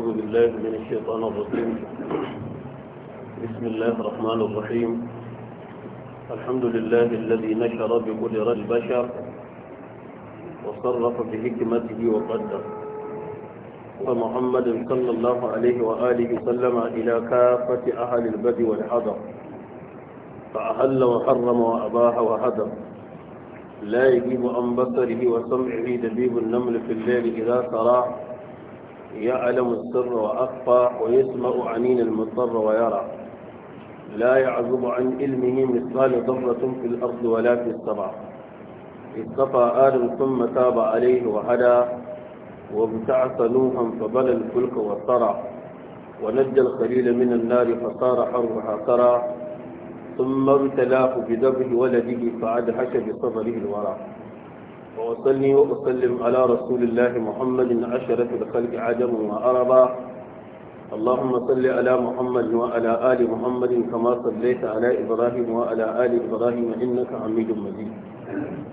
أعوذ بالله من الشيطان الرجيم بسم الله الرحمن الرحيم الحمد لله الذي نشر بقدر البشر وصرف بحكمته وقدر ومحمد صلى الله عليه وآله وسلم إلى كافة أهل البد والحضر فأهل وحرم وأباح وهدر لا يجيب عن بصره وسمعه دبيب النمل في الليل إذا صراح يعلم السر وأخفى ويسمع عنين المضطر ويرى لا يعزب عن علمه مثقال ضرة في الأرض ولا في السماء اصطفى آدم ثم تاب عليه وهدى وابتعث نوحا فبل الفلك والثرى ونجى الخليل من النار فصار حرها ترى ثم ابتلاه بذبه ولده فأدهش بصبره الورى وأصلي وأسلم على رسول الله محمد عشرة الخلق عجم وأربا اللهم صل على محمد وعلى آل محمد كما صليت على إبراهيم وعلى آل إبراهيم إنك حميد مجيد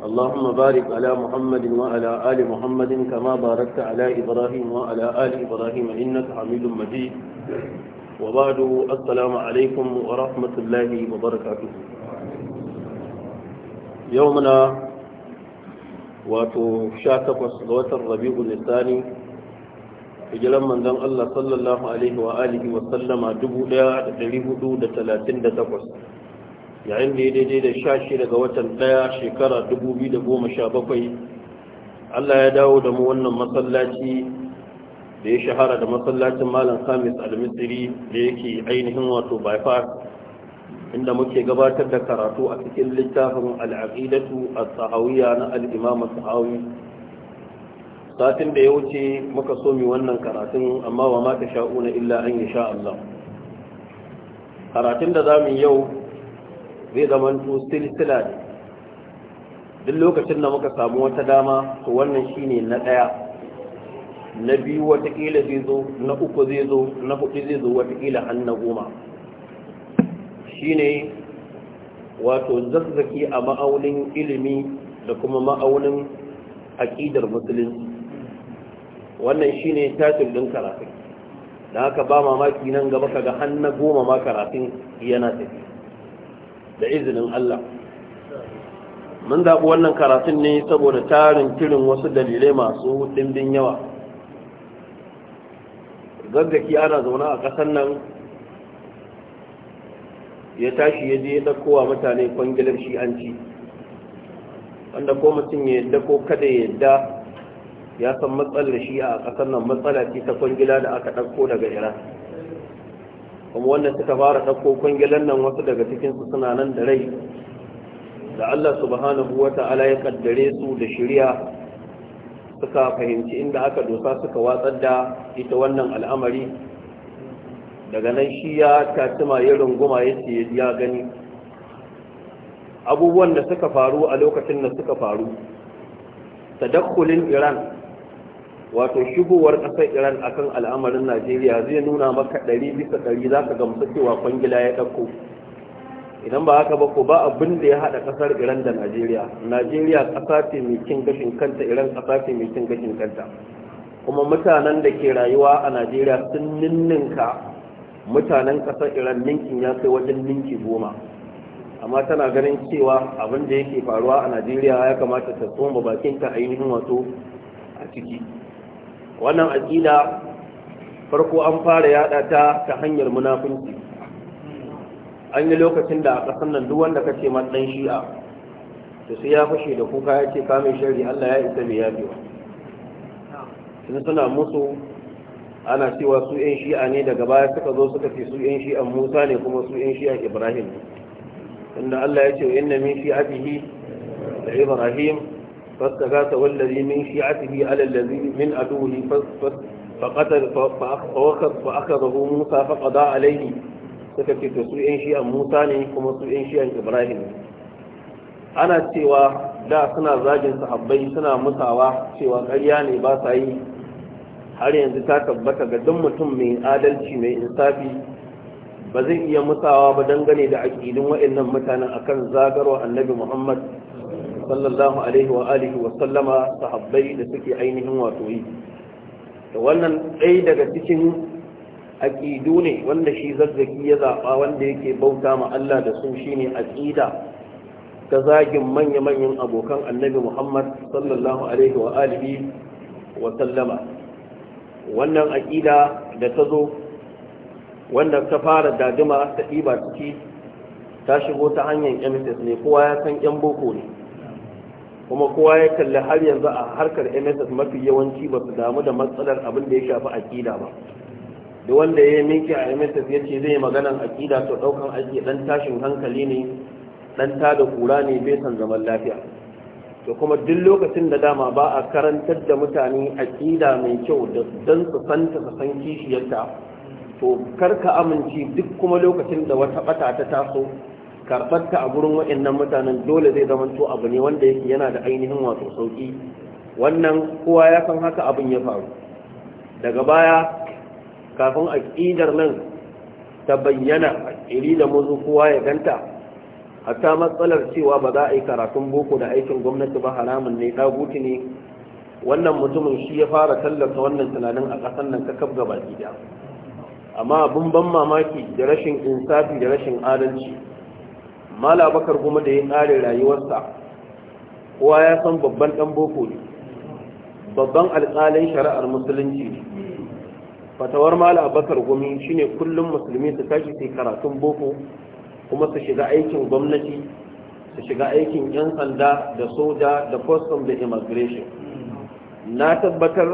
اللهم بارك على محمد وعلى آل محمد كما باركت على إبراهيم وعلى آل إبراهيم إنك حميد مجيد وبعد السلام عليكم ورحمة الله وبركاته يومنا wato sha takwas ga watan rabi'u lissani hijiran manzon Allah sallallahu alaihi wa alihi wa sallama takwas yayin da ya daidai da sha shi daga watan ɗaya shekara bakwai, Allah ya dawo da mu wannan masallaci da ya shahara da masallacin malam Khamis al-Misri da yake ainihin wato bypass inda muke gabatar da karatu a cikin littafin al'aqidatu as-sahawiyya na al-imam as-sahawi satin da ya wuce muka so mu wannan karatun amma wa ma tasha'una illa an yasha Allah karatun da zamu yau zai zamanto silsila duk lokacin da muka samu wata dama to wannan shine na daya na biyu watakila zai zo na uku zai zo na hudu zai zo watakila har na goma shine wato zazzaki a ma'aunin ilimi da kuma ma'aunin aƙidar musulunci wannan shine ne ɗin karatu. da haka ba mamaki nan gaba kaga har na goma ma karatun yana tafi da izinin Allah mun zaɓi wannan karatun ne saboda tarin kirin wasu dalilai masu ɗimbin yawa gaggaki ana zaune a ƙasar nan ya tashi ya je da kowa mutane kwangilar shi an ci wanda ko mutum ya yadda ko kada ya yadda ya san matsalar shi a ƙasar nan matsala ce ta kwangila da aka ɗauko daga iran kuma wannan suka fara ɗauko kwangilar nan wasu daga cikinsu suna nan da rai da allah subhanahu wa ta'ala ya kaddare su da shirya suka fahimci inda aka dosa suka watsar da ita wannan al'amari daga nan shi ya tatima ya runguma ya ce ya gani abubuwan da suka faru a lokacin da suka faru tadakkulin iran wato shigowar ƙasar iran akan al'amarin najeriya zai nuna maka ɗari bisa ɗari za ka gamsu cewa kwangila ya ɗauko idan ba haka ba ko ba abin da ya haɗa kasar iran da najeriya najeriya kasa ce mai cin gashin kanta iran kasa ce mai cin gashin kanta kuma mutanen da ke rayuwa a najeriya sun ninninka mutanen ƙasar iran ninkin ya kai wajen ninki goma amma tana ganin cewa abin da yake faruwa a najeriya ya kamata ta tsoma bakin ta ainihin wato a ciki wannan aƙida farko an fara yada ta ta hanyar munafunci an yi lokacin da a ƙasar nan duk wanda ka ce man shi'a to sai ya fashe da kuka ya ce kamin shari'a, allah ya isa mai yafewa sun suna musu ana cewa su 'yan shi'a ne daga baya suka zo suka fi su 'yan shi'an musa ne kuma su 'yan shi'an ibrahim inda allah ya ce wa inna min shi'atihi da ibrahim fastagasa wallazi min shi'atihi ala allazi min aduhi faqatal fa akhadahu musa fa faqada alayhi suka ce to su 'yan shi'an musa ne kuma su 'yan shi'an ibrahim ana cewa da suna zagin sahabbai suna mutawa cewa ƙarya ne ba sa yi har yanzu ta tabbata ga duk mutum mai adalci mai insafi ba zai iya mutawa ba dangane da aƙidin waɗannan mutanen akan zagarwa annabi Muhammad sallallahu alaihi wa alihi wa sallama sahabbai da suke ainihin wato yi da wannan ɗaya daga cikin aƙidu ne wanda shi zazzaki ya zaɓa wanda yake bauta ma Allah da su shine aƙida ta zagin manya-manyan abokan annabi Muhammad sallallahu alaihi wa alihi wa sallama wannan aƙida da ta zo wanda ta fara dagima ta ɗiba ciki ta shigo ta hanyar mss ne kowa ya san yan boko ne kuma kowa ya kalli har yanzu a harkar mss mafi yawanci ba su damu da matsalar abin da ya shafi aƙida ba da wanda ya minki a mss ya ce zai maganan aƙida to ɗaukan aiki ɗan tashin hankali ne ɗan da kura ne bai san zaman lafiya to kuma duk lokacin da dama ba a karantar da mutane a aƙida mai kyau da don su santa su san kishiyarta to karka amince duk kuma lokacin da wata bata ta taso karɓarta a gurin waɗannan mutanen dole zai zama to abu ne wanda yake yana da ainihin wato sauki wannan kowa ya san haka abin ya faru daga baya kafin aƙidar nan ta bayyana a da muzu kowa ya ganta hatta matsalar cewa ba za a yi karatun boko da aikin gwamnati ba haramun ne daguti ne wannan mutumin shi ya fara tallata wannan tunanin a ƙasar nan ta kaf gaba gida amma abin ban mamaki da rashin insafi da rashin adalci mala bakar kuma da ya ƙare rayuwarsa kowa ya san babban ɗan boko ne babban alƙalin shari'ar musulunci ne fatawar mala bakar gumi shine kullum musulmi su tashi sai karatun boko kuma su shiga aikin gwamnati su shiga aikin 'yan sanda da soja da custom da immigration na tabbatar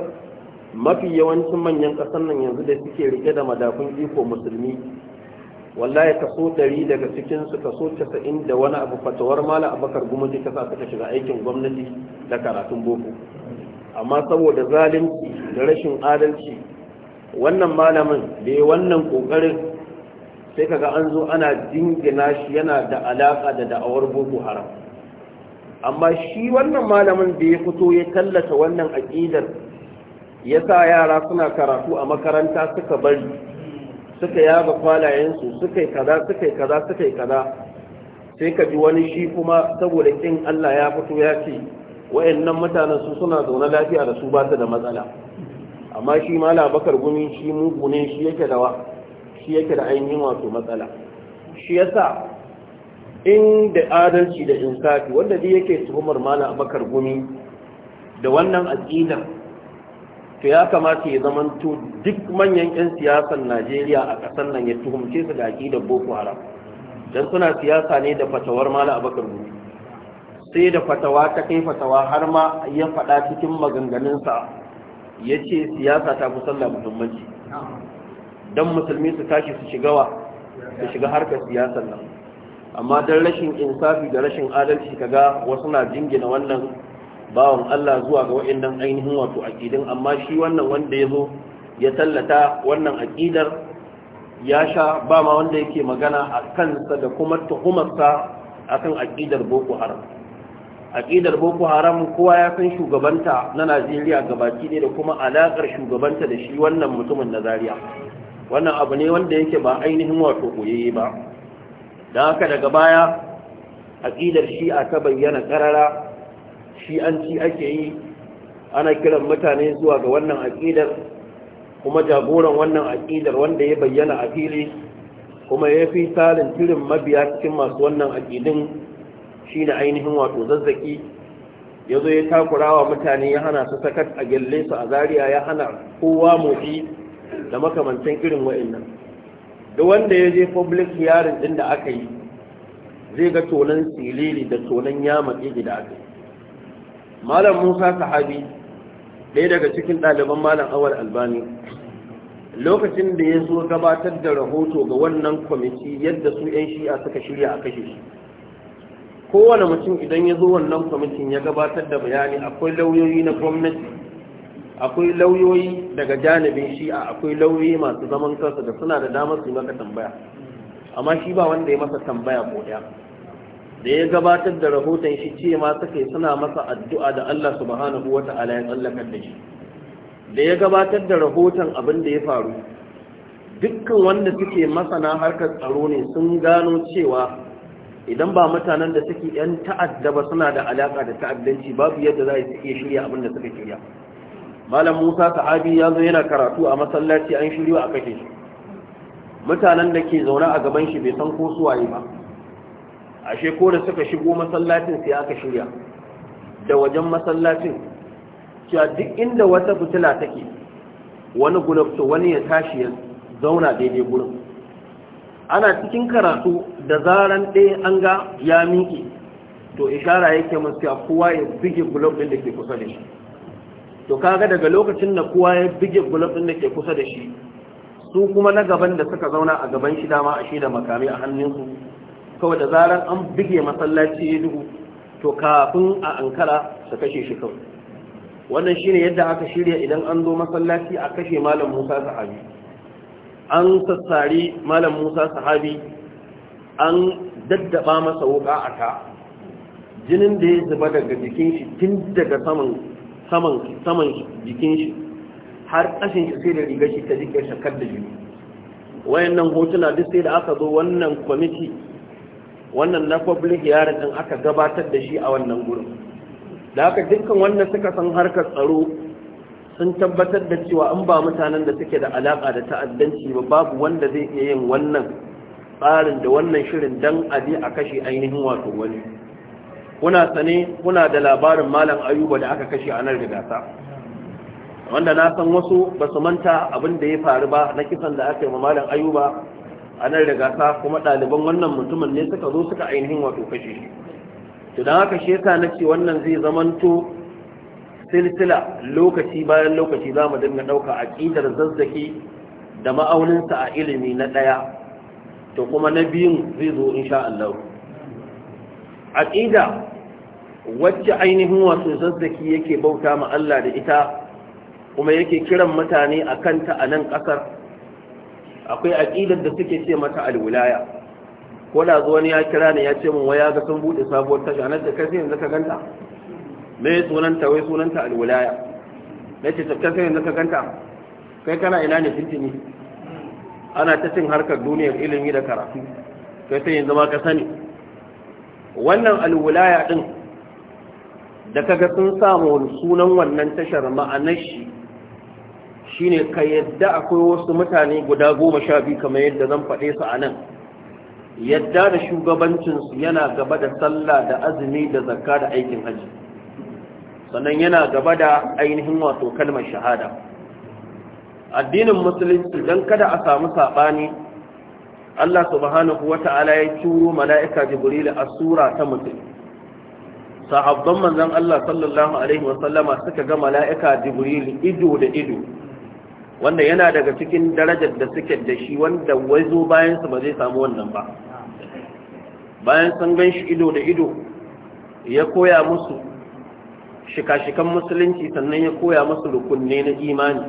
mafi yawancin manyan ƙasar nan yanzu da suke rike da madafun iko musulmi wallahi kaso ɗari daga cikin cikinsu kaso casa'in da wani abu fatawar mala abakar gumuji kasa suka shiga aikin gwamnati da karatun boko amma saboda zalunci da rashin adalci wannan malamin da wannan ƙoƙarin sai kaga an zo ana dingina shi yana da alaka da da'awar boko haram amma shi wannan malamin da ya fito ya tallata wannan aƙidar ya sa yara suna karatu a makaranta suka bari suka yaga kwalayensu suka yi kaza suka yi kaza suka yi kaza sai ka ji wani shi kuma saboda kin Allah ya fito ya ce wayannan mutanen su suna zaune lafiya da su ba su da matsala amma shi mala bakar gumi shi mugu ne shi yake dawa. shi yake da ainihin wato matsala shi yasa in da adalci da insafi wanda dai yake tuhumar mala abakar gumi da wannan aqida to ya kamata ya to duk manyan 'yan siyasar Najeriya a ƙasar nan ya tuhumce su da aqidar Boko Haram dan suna siyasa ne da fatawar mala abakar gumi sai da fatawa ta kai fatawa har ma ya faɗa cikin maganganunsa ya ce siyasa ta fi sallah muhimmanci don musulmi su tashi su shiga wa su shiga harkar siyasar nan amma don rashin insafi da rashin adalci kaga wasu na jingina wannan bawan Allah zuwa ga wa'annan ainihin wato aqidin amma shi wannan wanda yazo ya tallata wannan aqidar ya sha ba ma wanda yake magana a kansa da kuma tuhumarsa akan aqidar Boko Haram aƙidar boko haram kowa ya san shugabanta na najeriya gabaki ne da kuma alakar shugabanta da shi wannan mutumin na zariya wannan abu ne wanda yake ba ainihin wato koyayye ba don haka daga baya aƙidar shi'a ta bayyana ƙarara ci ake yi ana kiran mutane zuwa ga wannan aƙidar kuma jagoran wannan aƙidar wanda ya bayyana a fili kuma ya fi salin tirin mabiya cikin masu wannan aƙidin shi da ainihin wato zazzaki ya zo ya takurawa mutane ya hana su sakat a gyalle su a zariya ya hana kowa motsi da makamantan irin wa'annan da wanda ya je public yarin din da aka yi zai ga tonan silili da tonan yamaƙe gida aka yi malam musa sahabi ɗaya daga cikin ɗaliban malam awar albani lokacin da ya zo gabatar da rahoto ga wannan kwamiti yadda su 'yan shi'a suka shirya a kashe shi kowane mutum idan ya zo wannan kwamitin ya gabatar da bayani akwai lauyoyi na gwamnati akwai lauyoyi daga janibin shi'a akwai lauyoyi masu zaman kansu da suna da damar su maka tambaya amma shi ba wanda ya masa tambaya ko da ya gabatar da rahoton shi ce ma suka suna masa addu'a da Allah subhanahu wa ta'ala ya tsallakar da shi da ya gabatar da rahoton abin da ya faru dukkan wanda suke masana harkar tsaro ne sun gano cewa idan ba mutanen da suke 'yan ta'adda ba suna da alaka da ta'addanci babu yadda za su iya shirya abin da suka shirya malam musa sahabi ya zo yana karatu a masallaci an shirya a kake shi mutanen da ke zaune a gaban shi bai san ko waye ba ashe ko da suka shigo masallacin sai aka shirya da wajen masallacin cewa duk inda wata fitila take wani gulabto wani ya tashi ya zauna daidai gurin ana cikin karatu da zaran ɗaya an ga ya miƙe to ishara yake masu kowa ya buge gulab ɗin da ke kusa da shi to kaga daga lokacin da kowa ya bige gulab da ke kusa da shi su kuma na gaban da suka zauna a gaban shi dama a shi da makami a hannunsu kawai da zaran an bige masallaci ya duhu to kafin a ankara su kashe shi kawai wannan shine yadda aka shirya idan an zo masallaci a kashe malam Musa sahabi an sassari malam Musa sahabi an daddaba masa wuka a ta jinin da ya zuba daga jikin shi tun daga saman saman saman jikin shi har kashin shi sai da rigar shi ta jike shakar da jini wayannan hotuna duk sai da aka zo wannan kwamiti wannan na public yaran din aka gabatar da shi a wannan gurin da haka dukkan wannan suka san harkar tsaro sun tabbatar da cewa an ba mutanen da suke da alaka da ta'addanci ba babu wanda zai iya yin wannan tsarin da wannan shirin dan aje a kashe ainihin wato wani kuna sane kuna da labarin malam ayuba da aka kashe a nan rigasa wanda na san wasu ba su manta abin da ya faru ba na kisan da aka yi wa malam ayuba a nan rigasa kuma ɗaliban wannan mutumin ne suka zo suka ainihin wato kashe shi to don haka shi na ce wannan zai zamanto silsila lokaci bayan lokaci za mu dinga ɗauka aƙidar zazzaki da ma'auninsa a ilimi na ɗaya to kuma na biyun zai zo insha Allah aƙida wacce ainihin wasu zazzaki yake bauta ma Allah da ita kuma yake kiran mutane a kanta a nan ƙasar akwai aƙidar da suke ce mata alwilaya ko da zuwa ya kira ne ya ce min waya ga sun buɗe sabuwar tasha nan da kai sai yanzu ka ganta me ta, wai sunan ta alwilaya na ce tafka sai yanzu ka ganta kai kana ina ne tuntuni ana ta cin harkar duniyar ilimi da karatu kai sai yanzu ma ka sani wannan alwilaya din da ka ga sun samu wani sunan wannan tashar ma'anar shi shine ka yadda akwai wasu mutane guda goma sha biyu kamar yadda zan faɗe su a nan yadda da shugabancinsu yana gaba da sallah da azumi da zakka da aikin hajji sannan yana gaba da ainihin wato kalmar shahada addinin musulunci don kada a samu saɓani Allah subhanahu wa ta'ala ya turo mala'ika jibril a sura ta mutum sahabban manzan Allah sallallahu alaihi wasallama suka ga mala'ika jibril ido da ido wanda yana daga cikin darajar da suke da shi wanda wazo bayan ba zai samu wannan ba bayan sun gan shi ido da ido ya koya musu shika-shikan musulunci sannan ya koya musu rukunne na imani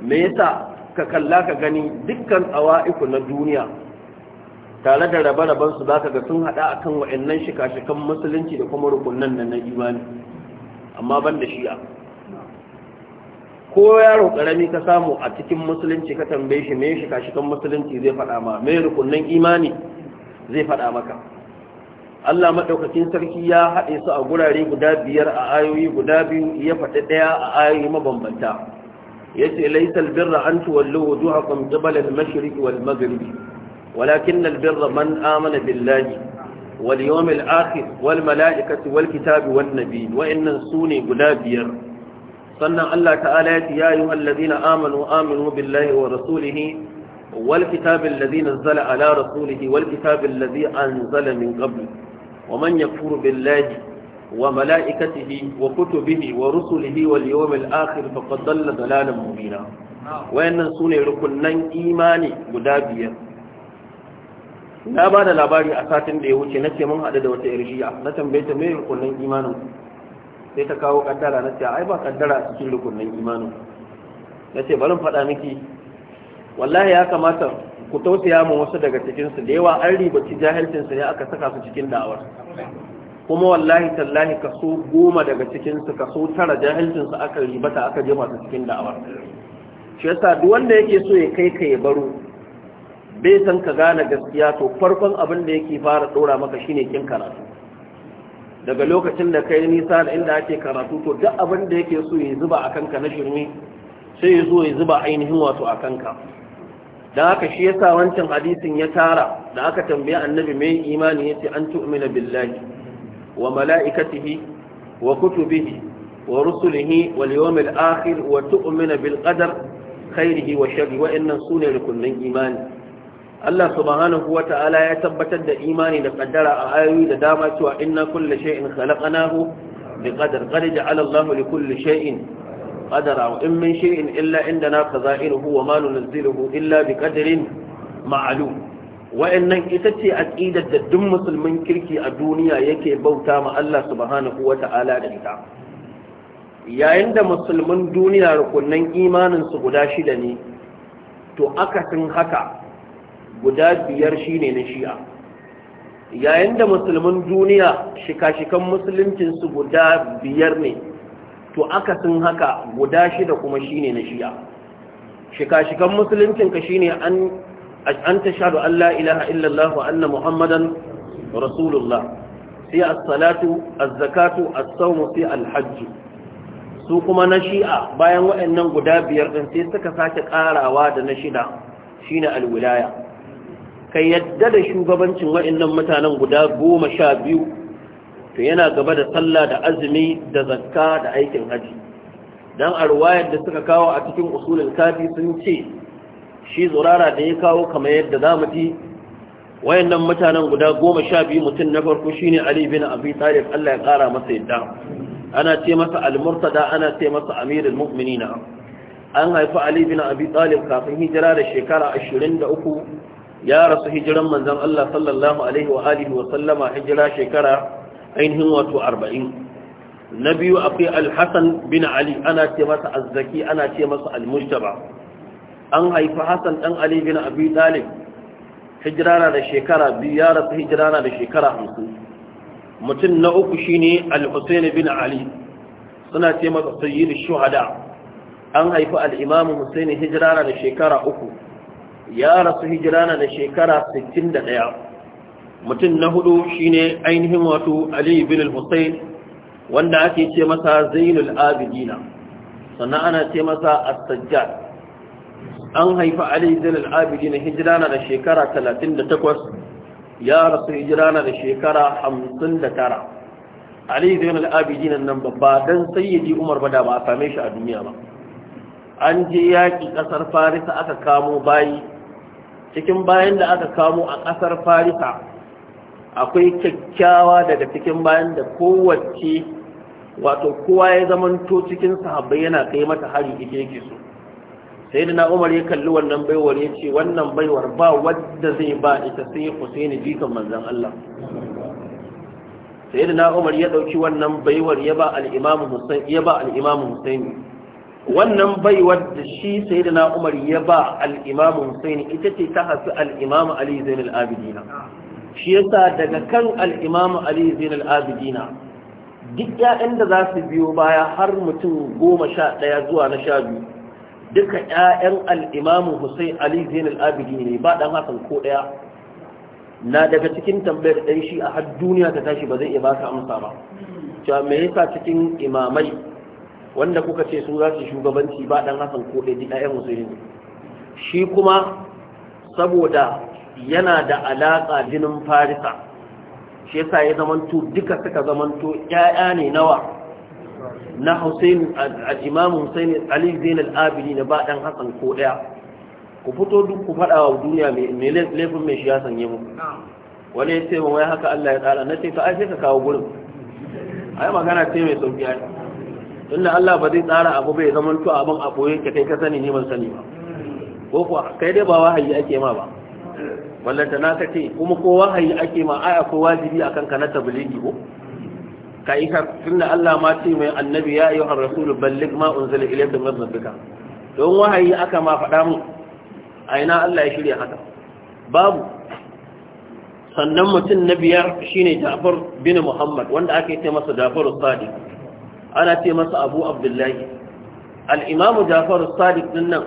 me yasa ka kalla ka gani dukkan awa'iku na duniya tare da rabe-raben su zaka ga sun hada akan wa'annan shika-shikan musulunci da kuma rukunan da na imani amma ban da shi'a ko yaro karami ka samu a cikin musulunci ka tambaye shi me shika-shikan musulunci zai faɗa ma me rukunan imani zai faɗa maka Allah maɗaukakin sarki ya haɗe su a gurare guda biyar a ayoyi guda biyu ya faɗi ɗaya a ayoyi mabambanta ya ce laisal birra an tuwallo wujuhakum qibala al-mashriq wal maghrib ولكن البر من آمن بالله واليوم الآخر والملائكة والكتاب والنبي وإن سوني قلابير صنع الله تعالى يا أيها الذين آمنوا آمنوا بالله ورسوله والكتاب الذي نزل على رسوله والكتاب الذي أنزل من قبل ومن يكفر بالله وملائكته وكتبه ورسله واليوم الآخر فقد ضل ضلالا مبينا وإن سوني ركنين إيماني قلابير na ba da labari a satin da ya wuce na ce mun haɗu da wata irjiya na tambaye ta mai rukunin imanin sai ta kawo kaddara na ce ai ba kaddara a cikin rukunin imanin na ce barin faɗa miki wallahi ya kamata ku tausaya mu wasu daga cikinsu da yawa an ribaci jahilcinsu ne aka saka su cikin da'awar kuma wallahi tallahi kaso goma daga cikinsu kaso tara jahilcinsu aka ribata aka jima su cikin da'awar shi yasa duk wanda yake so ya kai ka ya baro bai san ka gane gaskiya to farkon abin da yake fara dora maka shine kin karatu daga lokacin da kai nisa da inda ake karatu to duk abin da yake so ya zuba a kanka na shirme sai ya zo ya zuba ainihin wato a kanka da haka shi yasa wancan hadisin ya tara da aka tambayi annabi mai imani yace an tu'mina billahi wa mala'ikatihi wa kutubihi wa rusulihi wal yawmil akhir wa tu'mina bil qadar khairihi wa sharri wa innan sunne rukunin imani Allah subhanahu wa ta'ala ya tabbatar da imani da kaddara a ayoyi da dama cewa inna kulli shay'in khalaqnahu biqadar qad ja'ala Allahu da kulli shay'in qadara wa in min shay'in illa inda na indana qada'iruhu wa ma nunzilu illa biqadrin ma'lum wa'annan ita ce a aqidar da duk musulmin kirki a duniya yake bauta ma Allah subhanahu wa ta'ala da ita yayin da musulmin duniya rukunnan imaninsu guda shida ne to akasin haka guda biyar ne na shi'a yayin da musulmin duniya shika-shikan musuluncinsu guda biyar ne to akasin haka guda shida kuma ne na shi'a shika-shikan musuluncinka shi ne an tashhadu an Allah ilaha illallah wa muhammadan rasulullah sai a salatu az-zakatu as-sawmu sai al su kuma na shi'a bayan waɗannan guda biyar ɗin sai suka sake ƙarawa da na shida shi ne wilaya ka yadda da shugabancin wa'annan mutanen guda goma sha biyu to yana gaba da sallah da azumi da zakka da aikin haji Don a ruwayar da suka kawo a cikin usulin kafi sun ce shi zurara da ya kawo kamar yadda za mu ji wayannan mutanen guda goma sha biyu mutum na farko shine Ali bin Abi Talib Allah ya kara masa yadda ana ce masa al-murtada ana ce masa amirul mu'minina an haifi Ali bin Abi Talib kafin hijira da shekara uku. ya rasu hijiran manzon Allah sallallahu alaihi wa alihi wa sallama hijira shekara ainihin wato arba'in. na biyu akwai Alhassan bin Ali ana ce masa azzaki ana ce masa al-Mujtaba an haifi Hassan ɗan Ali bin Abi Talib hijirana da shekara biyu ya rasu hijirana da shekara hamsin. mutum na uku shine al-Husayn bin Ali suna ce masa sayyidu shuhada an haifi al Hussein Husayn hijirana da shekara uku ya rasu hijira na da shekara 61 mutum na hudu shine ainihin wato Ali bin al-Husayn wanda ake ce masa Zainul Abidina sannan ana ce masa As-Sajjad an haifa Ali Zainul Abidina hijira na da shekara 38 ya rasu hijira na da shekara 59 Ali Zainul Abidina nan babba dan sayyidi Umar ba da ba a same shi a duniya ba an je yaki ƙasar farisa aka kamo bayi cikin bayan da aka kamo a ƙasar farisa akwai kyakkyawa daga cikin bayan da kowace wato kowa ya zamanto cikin sahabbai yana kai mata hari ike yake so sai da umar ya kalli wannan baiwar ya ce wannan baiwar ba wadda zai ba ita sai husaini jikan manzan allah sai da umar ya ɗauki wannan baiwar ya ba al'imamu husaini wannan baiwar da shi sai da na'umar ya ba al'imamu husaini ita ce ta hasu al'imamu ali zain al'abidina shi yasa daga kan al'imamu ali zain al'abidina duk ‘ya'yan da za su biyo baya har mutum goma sha ɗaya zuwa na sha biyu duka ‘ya'yan al'imamu husain ali zain al'abidina ne ba ɗan hakan ko ɗaya na daga cikin tambayar ɗan shi a har duniya ta tashi ba zai iya ba ka amsa ba cewa me yasa cikin imamai wanda kuka ce su za su shugabanci ba ɗan hasan ko a ɗayan musulmi shi kuma saboda yana da alaƙa jinin farisa shi yasa ya zamanto duka suka zamanto ƴaƴa ne nawa na Hussein al-Imam Hussein Ali Zain al-Abidi na ba dan Hassan ko daya ku fito duk ku fada wa duniya me laifin me shi ya sanye mu wani ya ce wai haka Allah ya tsara na ce ka aje ka kawo gurin ai magana ce mai sauki ai tunda Allah ba zai tsara abu bai zaman to abin a boye ka kai ka sani ne ban sani ba ko kuwa kai dai ba wahayi ake ma ba wallanta na kace kuma ko wahayi ake ma ai akwai wajibi akan ka na tabligi ko ka yi tunda Allah ma ce mai annabi ya ayyuha rasul balligh ma unzila ilayka min rabbika don wahayi aka ma faɗa mu a ina Allah ya shirya haka babu sannan mutum na biyar shine Ja'far bin Muhammad wanda ake ce masa Ja'far as-Sadiq ana ce masa abu abdullahi al'imamu jafar sadiq din nan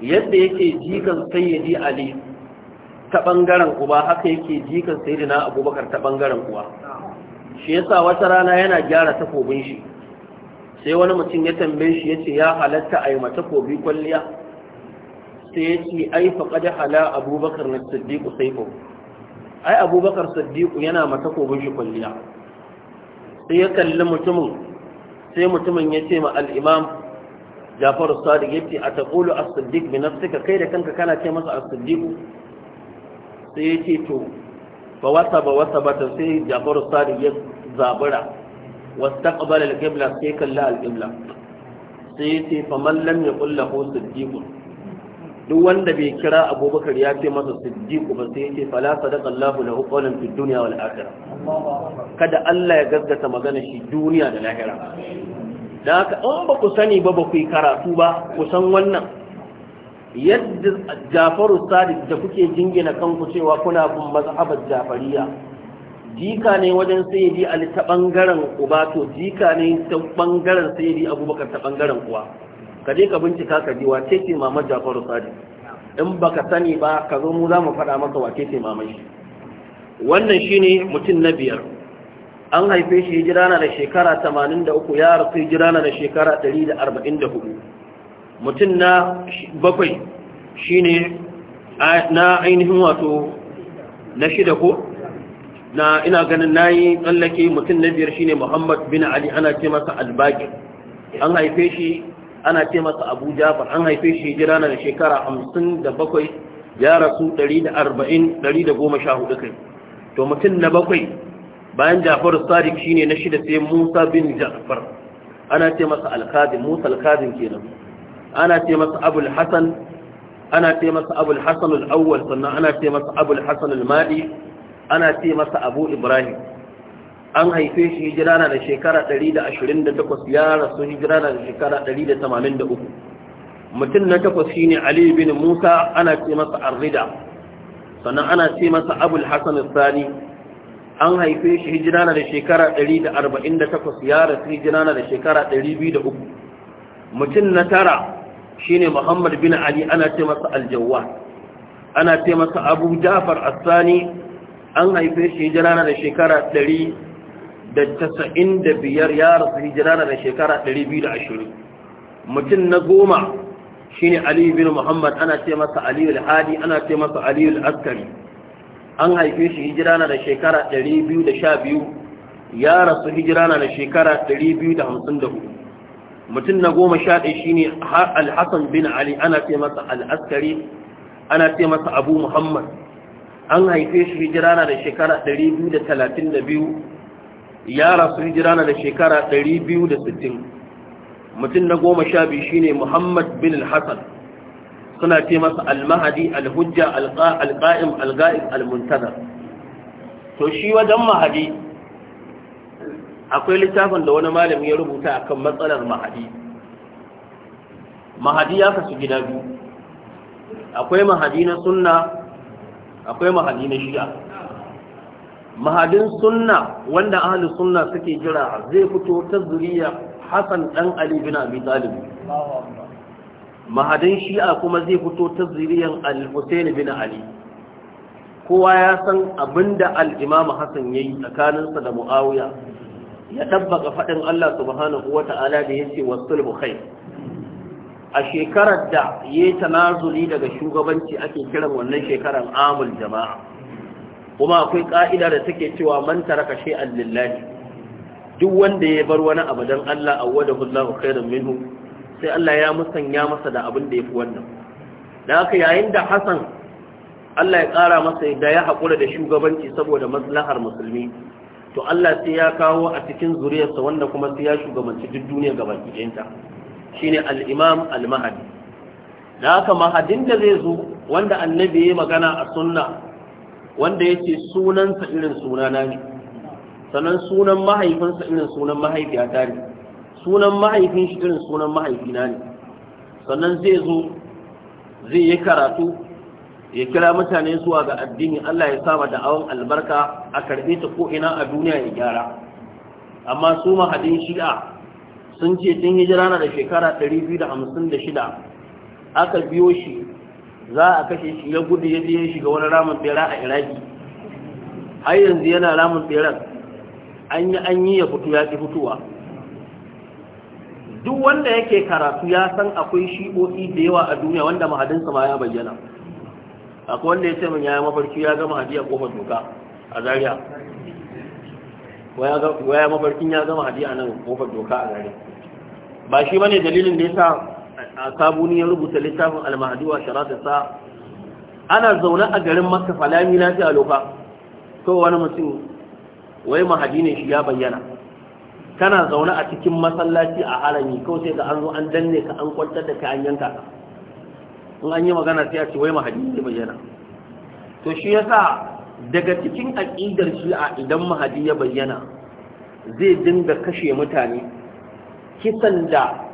yadda yake jikan sayyidi ali ta ɓangaren uba haka yake jikan sayyidi na abubakar ta ɓangaren uwa shi yasa wata rana yana gyara takobin shi sai wani mutum ya tambaye shi ya ce ya halatta a yi matakobi kwalliya sai ya ce ai faƙaɗe hala abubakar na siddiƙu saifo ai abubakar siddiƙu yana matakobin shi kwalliya sai ya kalli mutumin sai mutumin ya ce ma al'imam jafaru ya ce a taqulu as-siddiq bi nafsika kai da kanka kana ce masa a siddiq sai ya ce to ba wata ba wata ba ta sai jafaru sadi ya zabura wastaqbala al-qibla sai kalla al sai yace fa man ya ƙulla ko siddiqun duk wanda bai kira abubakar ya ce masa siddiqu ba sai yake fala sadaqa Allah lahu qawlan fid dunya wal akhirah kada Allah ya gaskata magana shi duniya da lahira dan haka in ba ku sani ba ba ku yi karatu ba ku san wannan yadda Jafaru Sadiq da kuke jingina kanku cewa kuna kun mazhabar Jafariya jika ne wajen sayyidi Ali ta bangaren uba to jika ne ta bangaren sayyidi Abubakar ta bangaren uwa ka je ka bincika ka ji wace ce mamar Jafaru Sadiq in baka sani ba ka zo mu za mu faɗa maka wace ce mamar shi wannan shine mutum na biyar an haife shi hijira na da shekara 83 ya rasu hijira na da shekara 144 mutum na bakwai shine na ainihin wato na shida ko na ina ganin nayi tsallake mutum na biyar shine Muhammad bin Ali ana ce masa albaki an haife shi ana ce masa abu jafar an haife shi hijira na da shekara hamsin da bakwai ya rasu ɗari da arba'in ɗari da goma sha hudu kai to mutum na bakwai bayan jafar sadiq ne na shida sai musa bin jafar ana ce masa alkazin musa alkazin kenan ana ce masa abul hasan ana ce masa abul hasan al sannan ana ce masa abul hasan al-madi ana ce masa abu ibrahim an haife shi hijira na da shekara 128 ya rasu hijira na da shekara 183 mutum na takwas shine Ali bin Musa ana ce masa ar sannan ana ce masa Abul Hasan Sani an haife shi hijira na da shekara 148 ya rasu hijira na da shekara 203 mutum na tara shine Muhammad bin Ali ana ce masa al ana ce masa Abu Ja'far sani an haife shi hijira na da shekara 100 da tasa'in da biyar ya rasu hijira na da shekara ɗari biyu da ashirin mutum na goma shine ali bin muhammad ana ce masa ali al-hadi ana ce masa ali al-askari an haife shi hijira na da shekara ɗari biyu da sha biyu ya rasu hijira na da shekara ɗari biyu da hamsin da hudu mutum na goma sha ɗaya shine al-hassan bin ali ana ce masa al-askari ana ce masa abu muhammad an haife shi hijira na da shekara ɗari biyu da talatin da biyu yara sun ji rana da shekara 260 mutum na goma sha biyu shine muhammad bin hassan suna ce masa al-qa'im al-ga'im al almuntazar to shi wajen mahadi akwai littafin da wani malami ya rubuta akan matsalar mahadi mahadi ya kasu gida biyu akwai mahadi na sunna akwai mahadi na shi'a mahadin sunna wanda ahli sunna suke jira zai fito ta zuriya Hassan dan Ali bin Abi Talib mahadin shi'a kuma zai fito ta zuriyan Al-Husayn bin Ali kowa ya san abinda al-Imam hasan yayi tsakaninsa da Muawiya ya dabbaka fadin Allah subhanahu wata'ala da yace wasul khair a shekarar da yayi tanazuli daga shugabanci ake kiran wannan shekarar amul jama'a kuma akwai ka'ida da take cewa man taraka shay'an lillahi duk wanda ya bar wani abu dan Allah awwada Allahu khairan minhu sai Allah ya musanya masa da abin da yafi wannan dan haka yayin da Hassan Allah ya ƙara masa da ya haƙura da shugabanci saboda maslahar musulmi to Allah sai ya kawo a cikin zuriyarsa wanda kuma sai ya shugabanci duk duniya gaba ɗayanta shine al-Imam al-Mahdi da haka mahadin da zai zo wanda annabi ya magana a sunna wanda ya ce sunansa irin sunana ne sannan sunan mahaifinsa irin sunan mahaifiyata ne sunan mahaifin shi irin sunan mahaifina ne sannan zai zo zai yi karatu ya kira mutane zuwa ga addini Allah ya sama da awon albarka a karbe ta ko'ina a duniya ya gyara amma su mahadin shi'a sun ce tun hijira na da shekara 256 aka biyo shi za a kashe shi ya gudu ya je shiga wani ramin tsera a iraki har yanzu yana ramin tseren? an yi an yi ya fito ya ki fitowa duk wanda yake karatu ya san akwai shi'o'i da yawa a duniya wanda mahadinsa ma ya bayyana akwai wanda ya ce min ya mafarki ya ga mahadi a kofar doka a zariya waya mafarkin ya ga mahadi a nan kofar doka a Zariya. ba shi bane dalilin da ya sa a sabuni ya rubuta littafin Al-Mahdi wa sa ana zaune a garin makka falami na ji aloka to wani mutum wai mahadi ne shi ya bayyana kana zaune a cikin masallaci a harami kawai sai da an zo an danne ka an kwantar da ka an yanka ka in an yi magana sai a ce wai mahadi ya bayyana to shi yasa daga cikin shi a idan mahadi ya bayyana zai dinga kashe mutane kisan da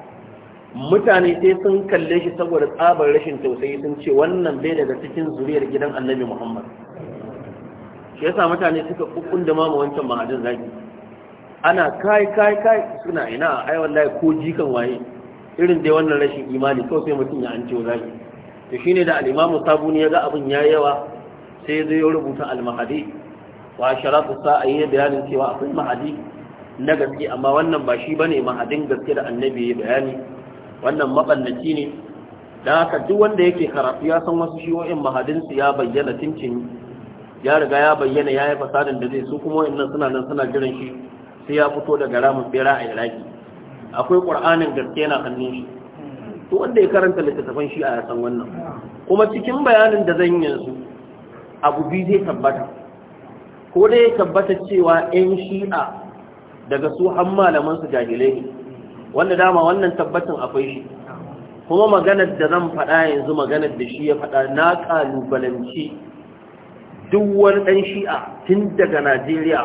mutane sai sun kalle shi saboda tsabar rashin tausayi sun ce wannan bai daga cikin zuriyar gidan annabi muhammad shi yasa mutane suka kukkun da mama wancan mahajin zaki ana kai kai kai suna ina ai wallahi ko jikan waye irin dai wannan rashin imani kawai sai mutum ya an zaki to shine da al-imamu sabuni yaga abin yayi yawa sai zai rubuta al-mahadi wa sharatu sa'a bayanin cewa akwai mahadi na gaske amma wannan ba shi bane mahadin gaske da annabi ya bayani wannan maɓallaci ne da haka duk wanda yake karatu ya san wasu shiwo'in mahadinsu ya bayyana tincin ya riga ya bayyana ya yi fasadin da zai su kuma wa'annan suna nan suna jiran shi sai ya fito daga ramin bera a iraki akwai ƙur'anin gaske yana hannun shi to wanda ya karanta littattafan shi a yasan wannan kuma cikin bayanin da zan yanzu abu biyu zai tabbata ko dai ya tabbata cewa 'yan shi'a daga su han malaman su jahilai ne wanda dama wannan tabbatin akwai shi kuma maganar da zan faɗa yanzu maganar da shi ya faɗa na ƙalubalanci duk wani ɗan shi'a tun daga najeriya